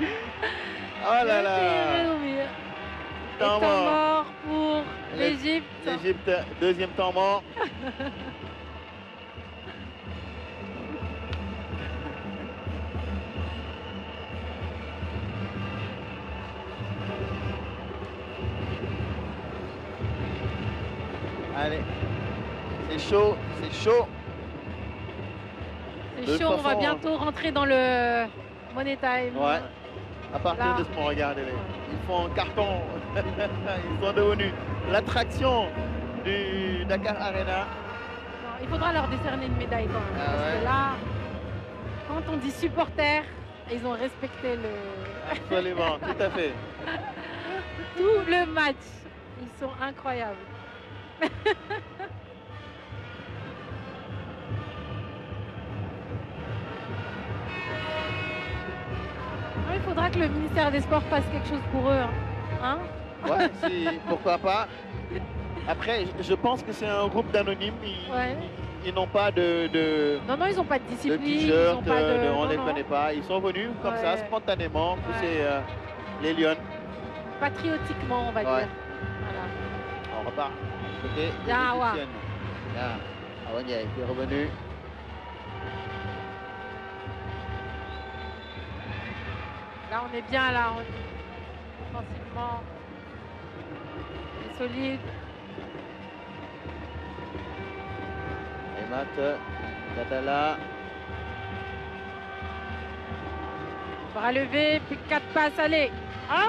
Oh là là Temps, mort pour l'Égypte. deuxième temps mort. Allez, c'est chaud, c'est chaud. C'est chaud, on va hein. bientôt rentrer dans le Money Time à partir de ce moment. Regardez-les. Ils font un carton. Ils sont devenus l'attraction du Dakar Arena. il faudra leur décerner une médaille quand même. Ah parce que là, quand on dit supporters, ils ont respecté le... Absolument, tout à fait. Tout le match. Ils sont incroyables. il faudra que le ministère des Sports fasse quelque chose pour eux. Hein, hein ouais, pourquoi pas. Après, je pense que c'est un groupe d'anonymes. Ils, n'ont pas de, Non, non, ils n'ont pas de discipline. ils ont pas de... Euh, on ne les connaît pas. Ils sont venus comme ça, spontanément, pousser euh, les lions. Patriotiquement, on va dire. On repart. Côté. Ah, Ah, ouais, est revenu. Là, on est bien là, on offensivement. solide. Et Matt, Catala. Bras levé, puis 4 passes, allez. Ah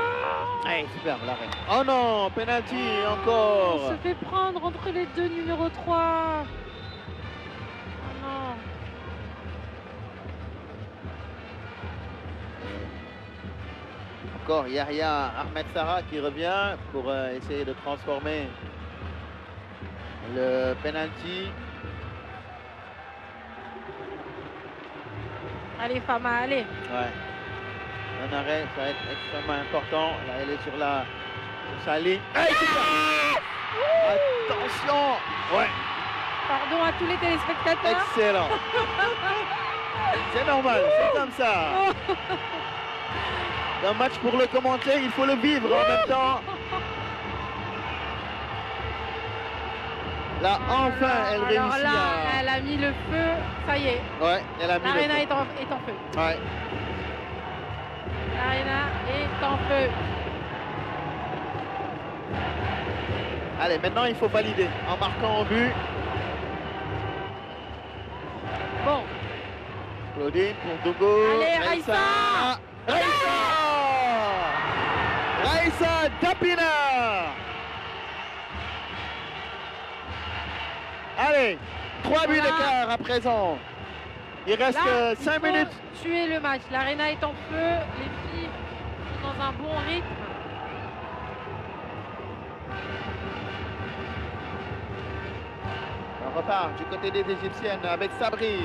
Allez, superbe l'arrêt. Oh non, penalty encore. On se fait prendre entre les deux numéro 3. Oh ah non. encore Yahya Ahmed Sarah qui revient pour euh, essayer de transformer le penalty. Allez Fama, allez. Ouais. Un arrêt, ça va être extrêmement important. Là, elle est sur la sa ligne. Ah, Attention Ouais. Pardon à tous les téléspectateurs. Excellent. c'est normal, c'est comme ça. un match pour le commenter, il faut le vivre en même temps. Là, enfin, elle Alors réussit. Là, elle a mis le feu, ça y est. Ouais, elle a mis Est, en, feu. Ouais. Arena est en feu. Allez, maintenant il faut valider en marquant au but. Bon. Claudine pour Dogo. Allez, Raissa Raissa Aïssa Dapina. Allez, 3 buts d'écart à présent. Il reste euh, cinq 5 il faut minutes. Tuer le match. L'arena est en feu. Les filles sont dans un bon rythme. On repart du côté des Égyptiennes avec Sabri.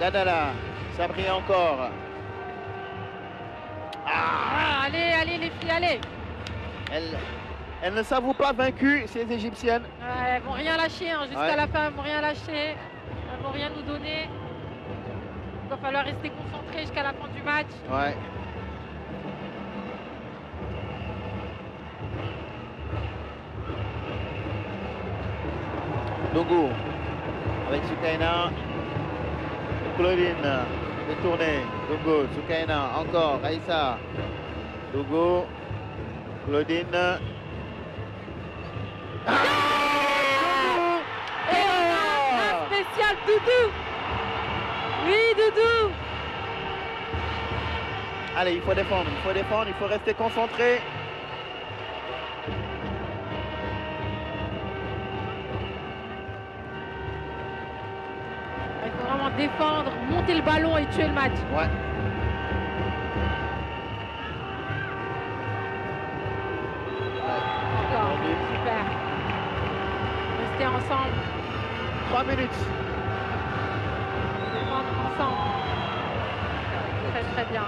Dadala. Sabri encore. Ah, allez, allez les filles, allez Elles, ne s'avouent pas vaincues, ces Égyptiennes. Elles elles vont rien lâcher, hein. jusqu'à la fin, elles vont rien lâcher. Elles vont rien nous donner. Il va falloir rester concentré jusqu'à la fin du match. Ouais. Dogo avec Sukaina, Claudine tourner. Dougo, Tsukaina, encore, Aïssa. Dougo, Claudine. Ah Et on a un spécial Doudou Oui, Doudou Allez, il faut défendre, il faut défendre, il faut rester concentré. défendre, monter le ballon et tuer le match. Ouais. Super. restez ensemble. 3 minutes. Défendre ensemble. Très très bien.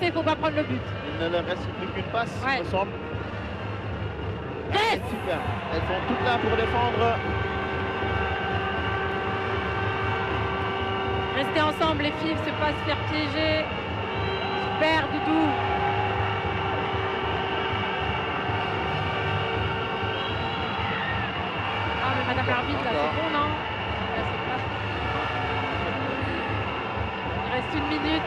il ne pas prendre le but. Il ne leur reste plus qu'une passe, ensemble. il super. Elles sont toutes là pour défendre. Restez ensemble les filles, se pas se faire piéger. Super Doudou. Ah mais Madame l'arbitre là c'est bon non Il reste une minute.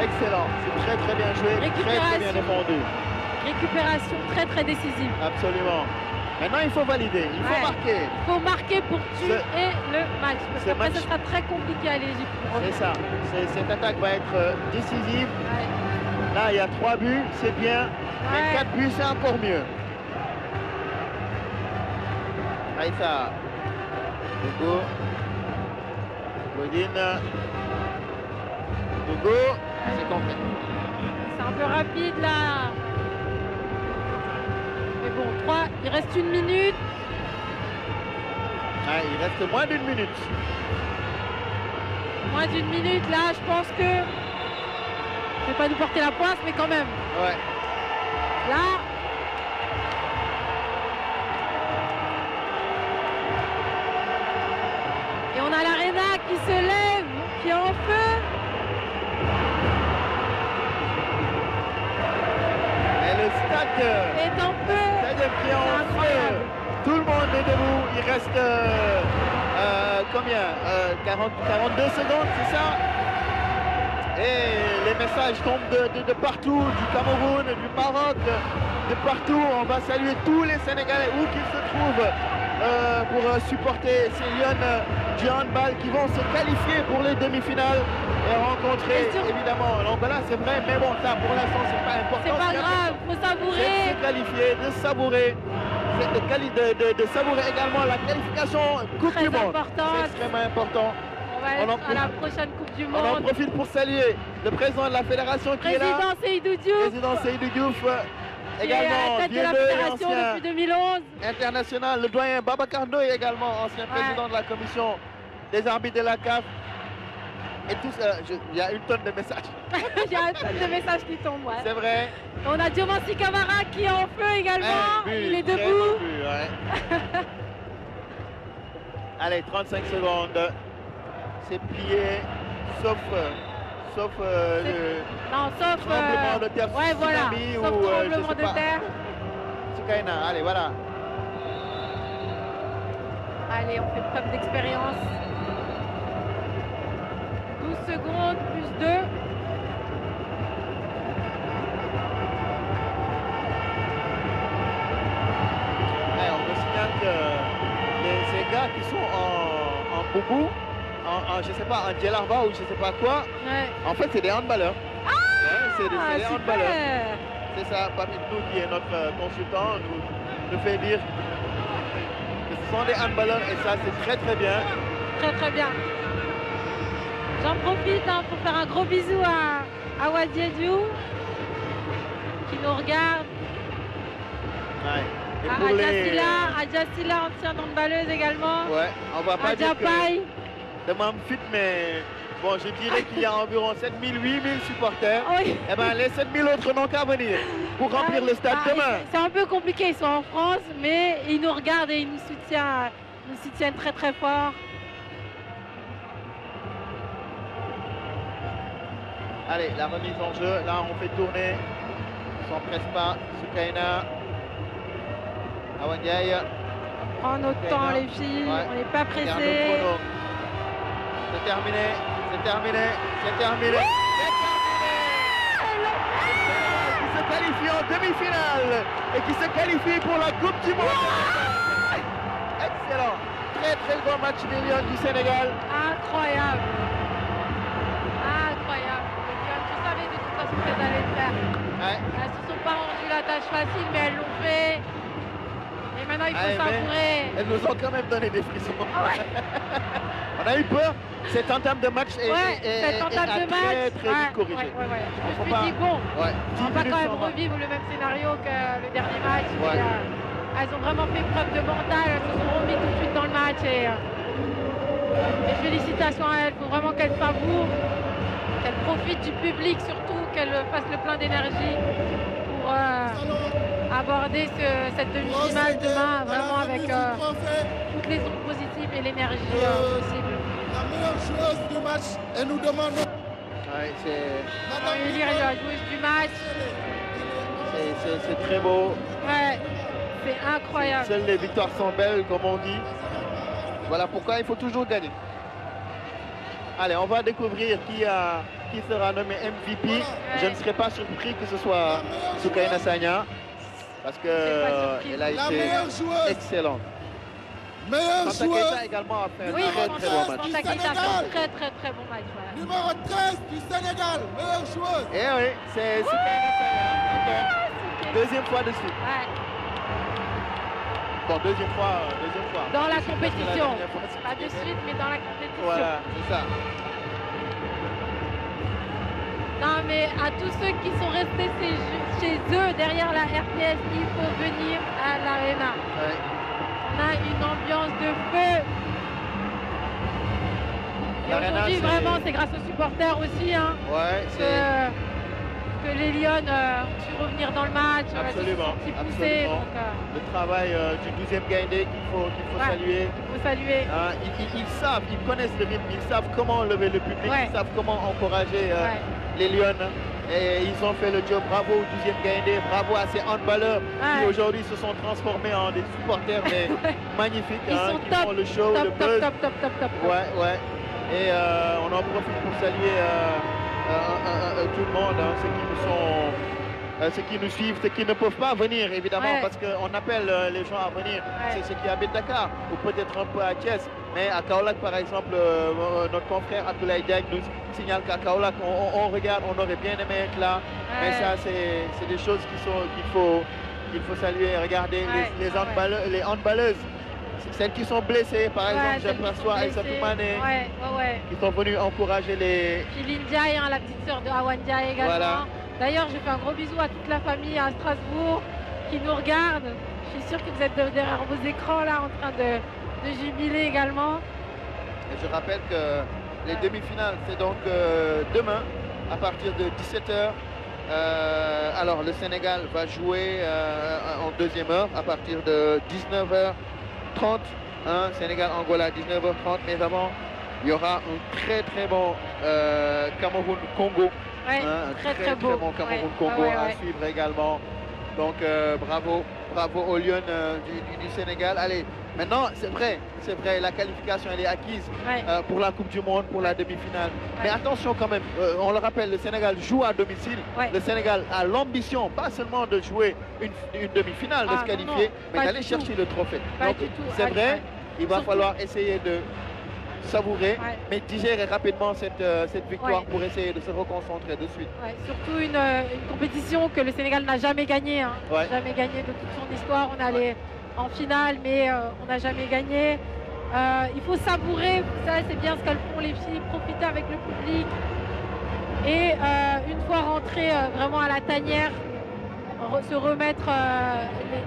Excellent. C'est très très bien joué, très très bien défendu. Récupération très très décisive. Absolument. Maintenant, il faut valider, il faut marquer. Il faut marquer pour tuer le match. Parce qu'après, ce sera très compliqué à l'Égypte. C'est ça. Cette attaque va être euh, décisive. Là, il y a trois buts, c'est bien. Mais quatre buts, c'est encore mieux. Aïssa. C'est un peu rapide là. Mais bon, 3, il reste une minute. Ah, il reste moins d'une minute. Moins d'une minute là, je pense que. Je vais pas nous porter la poisse, mais quand même. Ouais. Là, on a l'arrêt qui se lève, qui est en feu. Et le stade euh, est en feu. Tout le monde est debout. Il reste euh, euh, combien 40, 42 secondes, c'est ça et les messages tombent de, partout, du Cameroun, du Maroc, de partout. On va saluer tous les Sénégalais où qu'ils se trouvent. Euh, pour euh, supporter ces Lyonnes du euh, handball qui vont se qualifier pour les demi-finales et rencontrer évidemment l'Angola, c'est vrai, mais bon, ça pour l'instant c'est pas important. C'est pas grave, faut savourer. Se qualifier, de savourer. De, de, savourer également la qualification Coupe du Monde. C'est extrêmement important. On va à la prochaine Coupe du Monde. On en profite pour saluer le président de la fédération qui est là. Président Seydou Président également, tête de la depuis 2011. International, le doyen Baba Ndoye également, ancien président de la commission des arbitres de la CAF. Et tout ça, il y a une tonne de messages. Il y a une tonne de messages qui tombent, C'est vrai. On a Diomasi Camara qui est en feu également. il est debout. Allez, 35 secondes. C'est plié, sauf... Euh, sauf euh, le non, tremblement de terre, ouais, voilà. sauf ou tremblement je sais de terre. allez, voilà. Allez, on fait preuve d'expérience. 12 secondes plus 2. Eh, on me signale que les, ces gars qui sont en, en je sais pas, un djellarba ou je sais pas quoi. En fait, c'est des handballeurs. Ah C'est des, handballers. handballeurs. C'est ça, Papitou qui est notre euh, consultant nous, nous fait dire que ce sont des handballeurs et ça, c'est très très bien. Très très bien. J'en profite hein, pour faire un gros bisou à, à qui nous regarde. Ouais. à, à, les... ancienne également. Ouais, on va pas dire que même fit, mais bon, je dirais qu'il y a environ 7000, 8000 supporters. Ah et eh ben, les 7000 autres n'ont qu'à venir pour ah remplir le stade ah demain. C'est un peu compliqué, ils sont en France, mais ils nous regardent et ils nous soutiennent, nous soutiennent très très fort. Allez, la remise en jeu, là on fait tourner, on s'empresse pas, Sukaina, Awandiaï. Prends notre temps les filles, on n'est pas pressés c'est terminé, c'est terminé, c'est terminé. terminé qui se qualifie en demi-finale et qui se qualifie pour la Coupe du Monde. Excellent. Très très grand match million du Sénégal. Incroyable. Incroyable. Tu savais de toute façon qu'elles allaient le faire. Ouais. Elles se sont pas rendues la tâche facile, mais elles l'ont fait maintenant il faut eh, s'entourer. Elles nous ont quand même donné des frissons. Ah on a eu peur. Cette entame de match est, ouais, est, de match, très, très ouais, vite Je me suis dit, bon, on va quand même revivre le même scénario que le dernier match. Euh, elles ont vraiment fait preuve de mental, elles se sont remises tout de suite dans le match. Et, euh, félicitations à elles, il faut vraiment qu'elles savourent, qu'elles profitent du public surtout, qu'elles fassent le plein d'énergie pour... Euh, aborder cette finale demain vraiment avec euh, toutes les ondes positives et l'énergie euh, euh, possible. La meilleure joueuse du match et nous demandons. c'est. Ah, la joueuse du match. C'est très beau. Ouais, c'est incroyable. Seules les victoires sont belles, comme on dit. Voilà pourquoi il faut toujours gagner. Allez, on va découvrir qui, sera nommé MVP. Je ne serais pas surpris que ce soit Soukaina Sanya parce que elle a été excellente. Meilleur joueur également a fait très, très, très très très bon match. Numéro 13 du Sénégal, meilleure joueuse. Eh oui, c'est super. Ah, deuxième fois dessus. Ouais. Bon, deuxième fois, euh, deuxième fois. Dans la compétition. Pas de suite, mais dans la compétition. Voilà, c'est ça. Non, mais à tous ceux qui sont restés chez eux derrière la RTS, il faut venir à l'Arena. On a une ambiance de feu. Et aujourd'hui, vraiment, c'est grâce aux supporters aussi. Hein, que, les Lyons euh, ont su revenir dans le match. Euh, absolument. Euh, le travail du 12e Gaindé qu'il faut, saluer. saluer. Ah, ils, savent, ils connaissent le rythme, ils savent comment lever le public, ils savent comment encourager les Lyon, ils ont fait le job. Bravo au 12e Gaindé, bravo à ces handballeurs qui aujourd'hui se sont transformés en des supporters magnifiques. Ils hein, sont top, font le show, Top, Ouais, ouais. Et euh, on en profite pour saluer euh, euh, tout le monde, hein, ceux qui nous sont euh, ceux qui nous suivent, ceux qui ne peuvent pas venir, évidemment, parce qu'on appelle euh, les gens à venir. C'est ceux qui habitent Dakar, ou peut-être un peu à Thiès. Mais à Kaolak, par exemple, euh, notre confrère Abdoulaye Diak nous signale qu'à Kaolak, on, regarde, on aurait bien aimé être là. Mais ça, c'est des choses qu'il faut, faut saluer. Regardez les, handballeuses, celles qui sont blessées, par exemple, je j'aperçois Aïssa Toumane, qui sont venues encourager les... Chiline la petite sœur de Awan également. Voilà. D'ailleurs, je fais un gros bisou à toute la famille à Strasbourg qui nous regarde. Je suis sûr que vous êtes derrière vos écrans là en train de, jubiler également. je rappelle que les demi-finales, c'est donc euh, demain à partir de 17h. Euh, alors le Sénégal va jouer euh, en deuxième heure à partir de 19h30. Sénégal-Angola 19h30. Mais avant, il y aura un très très bon Cameroun-Congo. Hein, un très, très, bon Cameroun Congo à suivre également. Donc euh, bravo, bravo aux Lyon euh, du, Sénégal. Allez, maintenant c'est vrai, c'est vrai, la qualification elle est acquise euh, pour la Coupe du Monde, pour la demi-finale. Mais attention quand même, on le rappelle, le Sénégal joue à domicile. Le Sénégal a l'ambition, pas seulement de jouer une, demi-finale, de ah, se qualifier, mais d'aller chercher le trophée. Donc c'est vrai, il va falloir essayer de savourer, mais digérer rapidement cette, euh, victoire pour essayer de se reconcentrer de suite. surtout euh, une, compétition que le Sénégal n'a jamais gagnée. Hein. Jamais gagné de toute son histoire. On allait en finale, mais euh, on n'a jamais gagné. il faut savourer, ça c'est bien ce qu'elles font les filles, profiter avec le public. Et une fois rentré vraiment à la tanière, se remettre euh,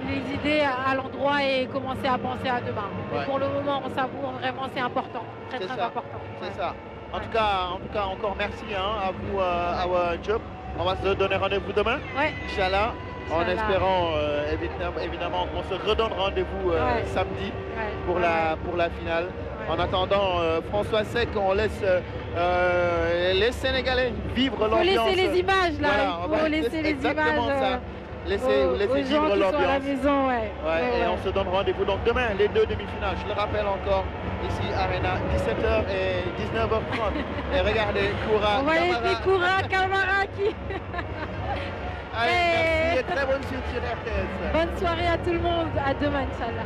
les, idées à, l'endroit et commencer à penser à demain. pour le moment, on savoure vraiment, c'est important, très très important. C'est ça. En, tout cas, en tout cas, encore merci hein, à vous, euh, à Job. On va se donner rendez-vous demain, Inch'Allah, en espérant euh, évidemment, qu'on se redonne rendez-vous samedi pour, la, pour la finale. En attendant, François Sec, on laisse les Sénégalais vivre l'ambiance. Il faut laisser les images là, il les images laissez, laissez vivre l'ambiance. La ouais. et on se donne rendez-vous donc demain, les deux demi-finales. Je le rappelle encore, ici, Arena, 17h et 19h30. et regardez, Koura, On va Koura, Kamara qui... Allez, très bonne suite sur RTS. Bonne soirée à tout le monde. À demain, Inch'Allah.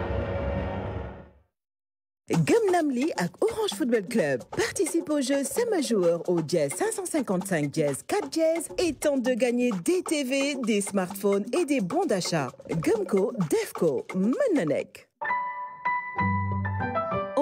Gumnamli Namli ak Orange Football Club. Participe au jeu Samajoueur au Jazz 555 Jazz 4 Jazz et tente de gagner des TV, des smartphones et des bons d'achat. Gumco, Defco, Mananek.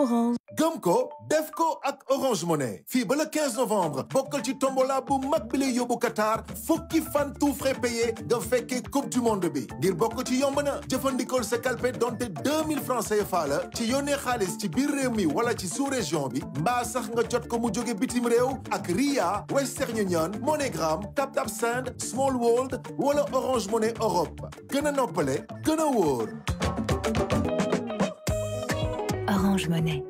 Orange. defco, ko ak Orange Money Fibre le 15 novembre bokkal ci tombola bu mag bile lay Qatar fan tout frais payé de fekkee coupe du monde bi ngir gir ci yomb na jëfandikool se kalpe donte 2000 francs CFA la ci yone xaalis ci bir réew mi wala ci sous région bi Mba sax nga jot ko mu bitim rew. ak Ria Western Union Monogram, Tap Tap Sand, Small World wala Orange Money Europe gën nopale, noppale wor. Orange Monnaie.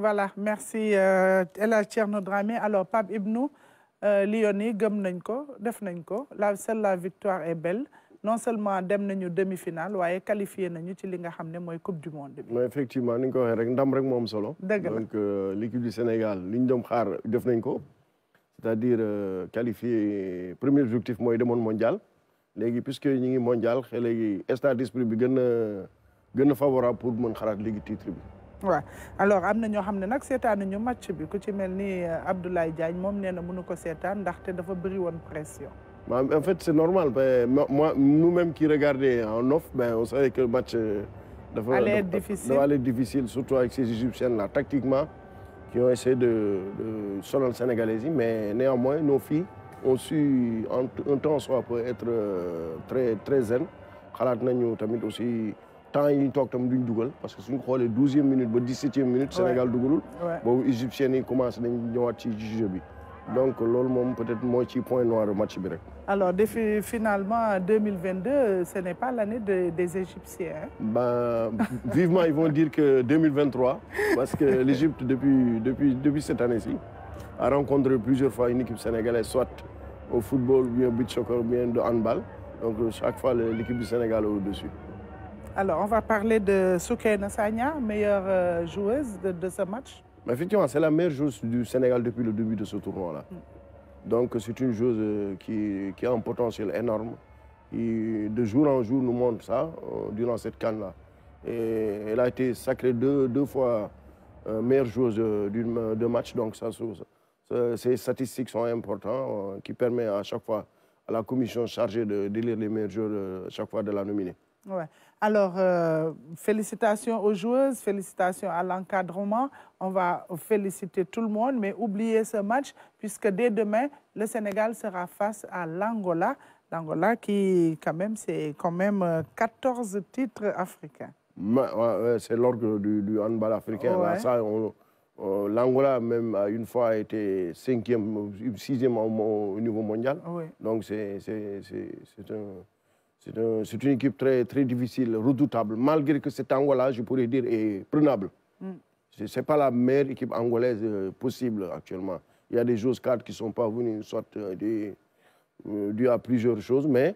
voilà merci euh, Ella Hadj Thierno Dramé alors Pape Ibnou euh, yi gëm nañ ko la seule la victoire est belle non seulement dem nañu demi-finale waaye qualifié nañu ci li nga xam coupe du monde mais effectivement ni avons ko waxee rek ndam solo. Donc, euh, donc l'équipe du Sénégal li ñu xaar def c'est-à-dire euh, qualifié premier objectif de Monde mondial léegi puisque nous ngi mondial léegi état d'esprit bi gën a favorable pour mën xalaat léegi titre bi alors nous avons ñoo xam ne ñu match bi ku ci melni euh, Abdoulaye Diagne mom néna mënu ko ndax té dafa bëri won pression. en fait c'est normal ben, moi nous-mêmes qui regardons en off ben, on savait que le match. Euh, dafa allait être difficile surtout avec ces Égyptiennes là tactiquement. qui ont essayé de de le sénégalais mais néanmoins nos filles ont su en un temps soit peut être euh, très très zen Nous nañu tamit aussi temps yi ñu toog tam duñ dugal parce que suñ xoolee douzième minute ba dix-septième minute Sénégal dugalul boobu égyptiens commencent à nañ ñëwaat ci jeu bi donc loolu peut-être moitié point noir match alors finalement 2022 ce n'est pas l'année des égyptiens hein? ben vivement ils vont dire que 2023 parce que l'Égypte depuis depuis cette année-ci a rencontré plusieurs fois une équipe sénégalaise soit au football bien beach soccer bien de handball donc chaque fois l'équipe du Sénégal est au-dessus alors, on va parler de Soukaina Sagna, meilleure euh, joueuse de, ce match. effectivement, c'est la meilleure joueuse du Sénégal depuis le début de ce tournoi-là. Mm. Donc, c'est une joueuse euh, qui, a un potentiel énorme. Et de jour en jour, nous montre ça euh, durant cette canne-là. Et elle a été sacrée deux, deux fois meilleure joueuse de match. Donc, ça, ces statistiques sont importantes, qui permettent à chaque fois à la commission chargée de d'élire les meilleurs joueurs chaque fois de la nominer. Ouais. Alors, euh, félicitations aux joueuses, félicitations à l'encadrement. On va féliciter tout le monde, mais oubliez ce match, puisque dès demain, le Sénégal sera face à l'Angola. L'Angola qui, quand même, c'est quand même 14 euh, titres africains. c'est l'orgue du, handball africain. Euh, L'Angola, même, a une fois été cinquième, sixième au, au niveau mondial. Donc, c'est un c'est une équipe très, très difficile, redoutable, malgré que cet angle-là, je pourrais dire, est prenable. Mm. Ce n'est pas la meilleure équipe angolaise euh, possible actuellement. Il y a des choses cadres qui ne sont pas venus une euh, euh, à plusieurs choses, mais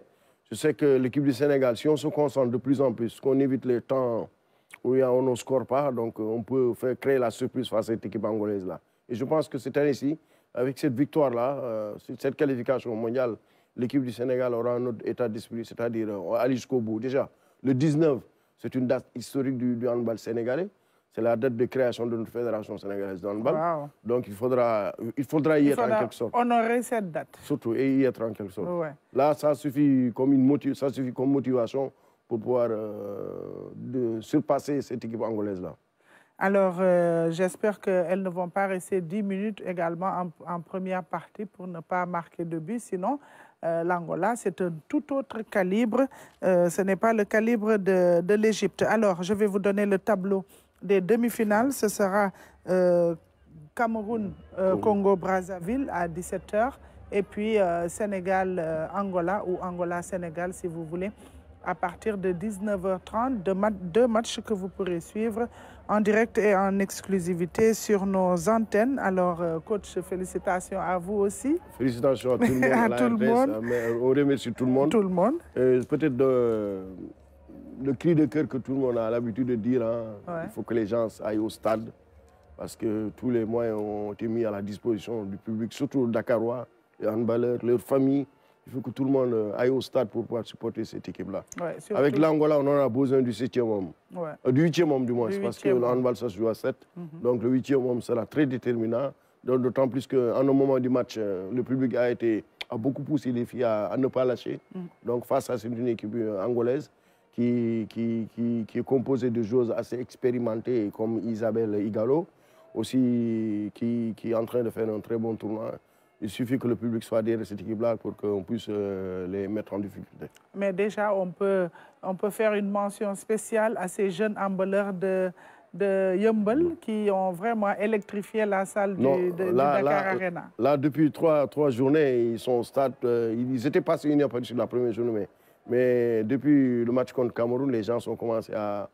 je sais que l'équipe du Sénégal, si on se concentre de plus en plus, qu'on évite les temps où on ne score pas, donc on peut faire créer la surprise face à cette équipe angolaise-là. Et je pense que cette année-ci, avec cette victoire-là, cette qualification mondiale, l'équipe du Sénégal aura un autre état disponible, c'est-à-dire euh, aller jusqu'au bout. Déjà, le 19, c'est une date historique du, handball sénégalais. C'est la date de création de notre fédération sénégalaise de handball. Donc il faudra, euh, il faudra y être en quelque sorte. On aurait cette date. Surtout, et y être en quelque sorte. Là, ça suffit comme, une ça suffit comme motivation pour pouvoir euh, surpasser cette équipe angolaise-là. Alors, j'espère qu'elles ne vont pas rester 10 minutes également en, en, première partie pour ne pas marquer de but. Sinon, euh, l'Angola. C'est un tout autre calibre. Euh, ce n'est pas le calibre de, de l'Égypte. Alors, je vais vous donner le tableau des demi-finales. Ce sera euh, Cameroun-Congo-Brazzaville à 17h et puis Sénégal-Angola ou Angola-Sénégal si vous voulez, à partir de 19h30, deux matchs que vous pourrez suivre en direct et en exclusivité sur nos antennes. Alors, euh, coach, félicitations à vous aussi. Félicitations à tout le monde. tout le On remercie tout le monde. Tout le monde. Peut-être le cri de cœur que tout le monde a l'habitude de dire, hein, il faut que les gens aillent au stade parce que tous les moyens ont été mis à la disposition du public, surtout le Dakarois, les handballeurs, leurs familles il faut que tout le monde euh, aille au stade pour pouvoir supporter cette équipe-là. Avec l'Angola, on aura besoin du 7e homme. Euh, du 8e homme, du moins, parce que le se joue à 7. Mhm. Donc le 8e homme sera très déterminant. D'autant plus qu'en un moment du match, euh, le public a, été, beaucoup poussé les filles à, ne pas lâcher. Mhm. Donc face à une équipe angolaise qui, qui, est composée de joueuses assez expérimentées comme Isabelle Igalo, aussi qui, qui est en train de faire un très bon tournoi. Il suffit que le public soit derrière cette équipe-là pour qu'on puisse euh, les mettre en difficulté. Mais déjà, on peut, on peut faire une mention spéciale à ces jeunes emballeurs de, de Yumble qui ont vraiment électrifié la salle de, là, Dakar Arena. Là, depuis trois, trois journées, ils sont au stade. Euh, ils étaient passés une heure sur la première journée, mais, depuis le match contre Cameroun, les gens ont commencé à,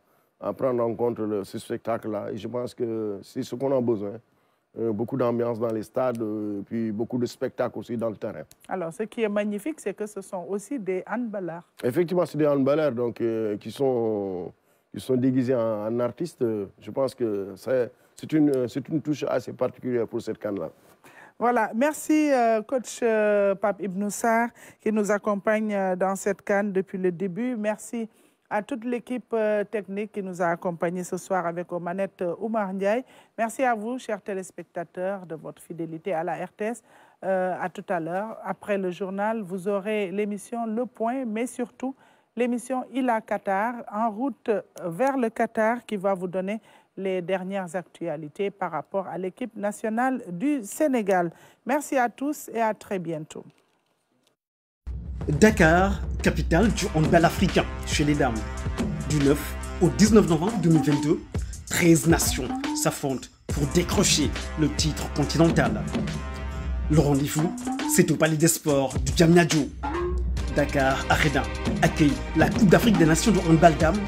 prendre en compte ce spectacle-là. Et je pense que c'est ce qu'on a besoin. Euh, beaucoup d'ambiance dans les stades, euh, puis beaucoup de spectacles aussi dans le terrain. Alors, ce qui est magnifique, c'est que ce sont aussi des handballers. Effectivement, c'est des handballers donc, euh, qui, sont, qui sont déguisés en, artistes. Je pense que c'est une, une touche assez particulière pour cette canne-là. Voilà, merci coach Pape Pape Ibnoussar qui nous accompagne dans cette canne depuis le début. Merci à toute l'équipe euh, technique qui nous a accompagnés ce soir avec Omanette euh, Oumar Ndiaye. Merci à vous, chers téléspectateurs, de votre fidélité à la RTS. Euh, à tout à l'heure. Après le journal, vous aurez l'émission Le Point, mais surtout l'émission Il Qatar, en route vers le Qatar, qui va vous donner les dernières actualités par rapport à l'équipe nationale du Sénégal. Merci à tous et à très bientôt. Dakar, capitale du handball africain chez les dames. Du 9 au 19 novembre 2022, 13 nations s'affrontent pour décrocher le titre continental. Le rendez-vous, c'est au Palais des Sports du Diamniadio. Dakar Arena accueille la Coupe d'Afrique des Nations de handball dames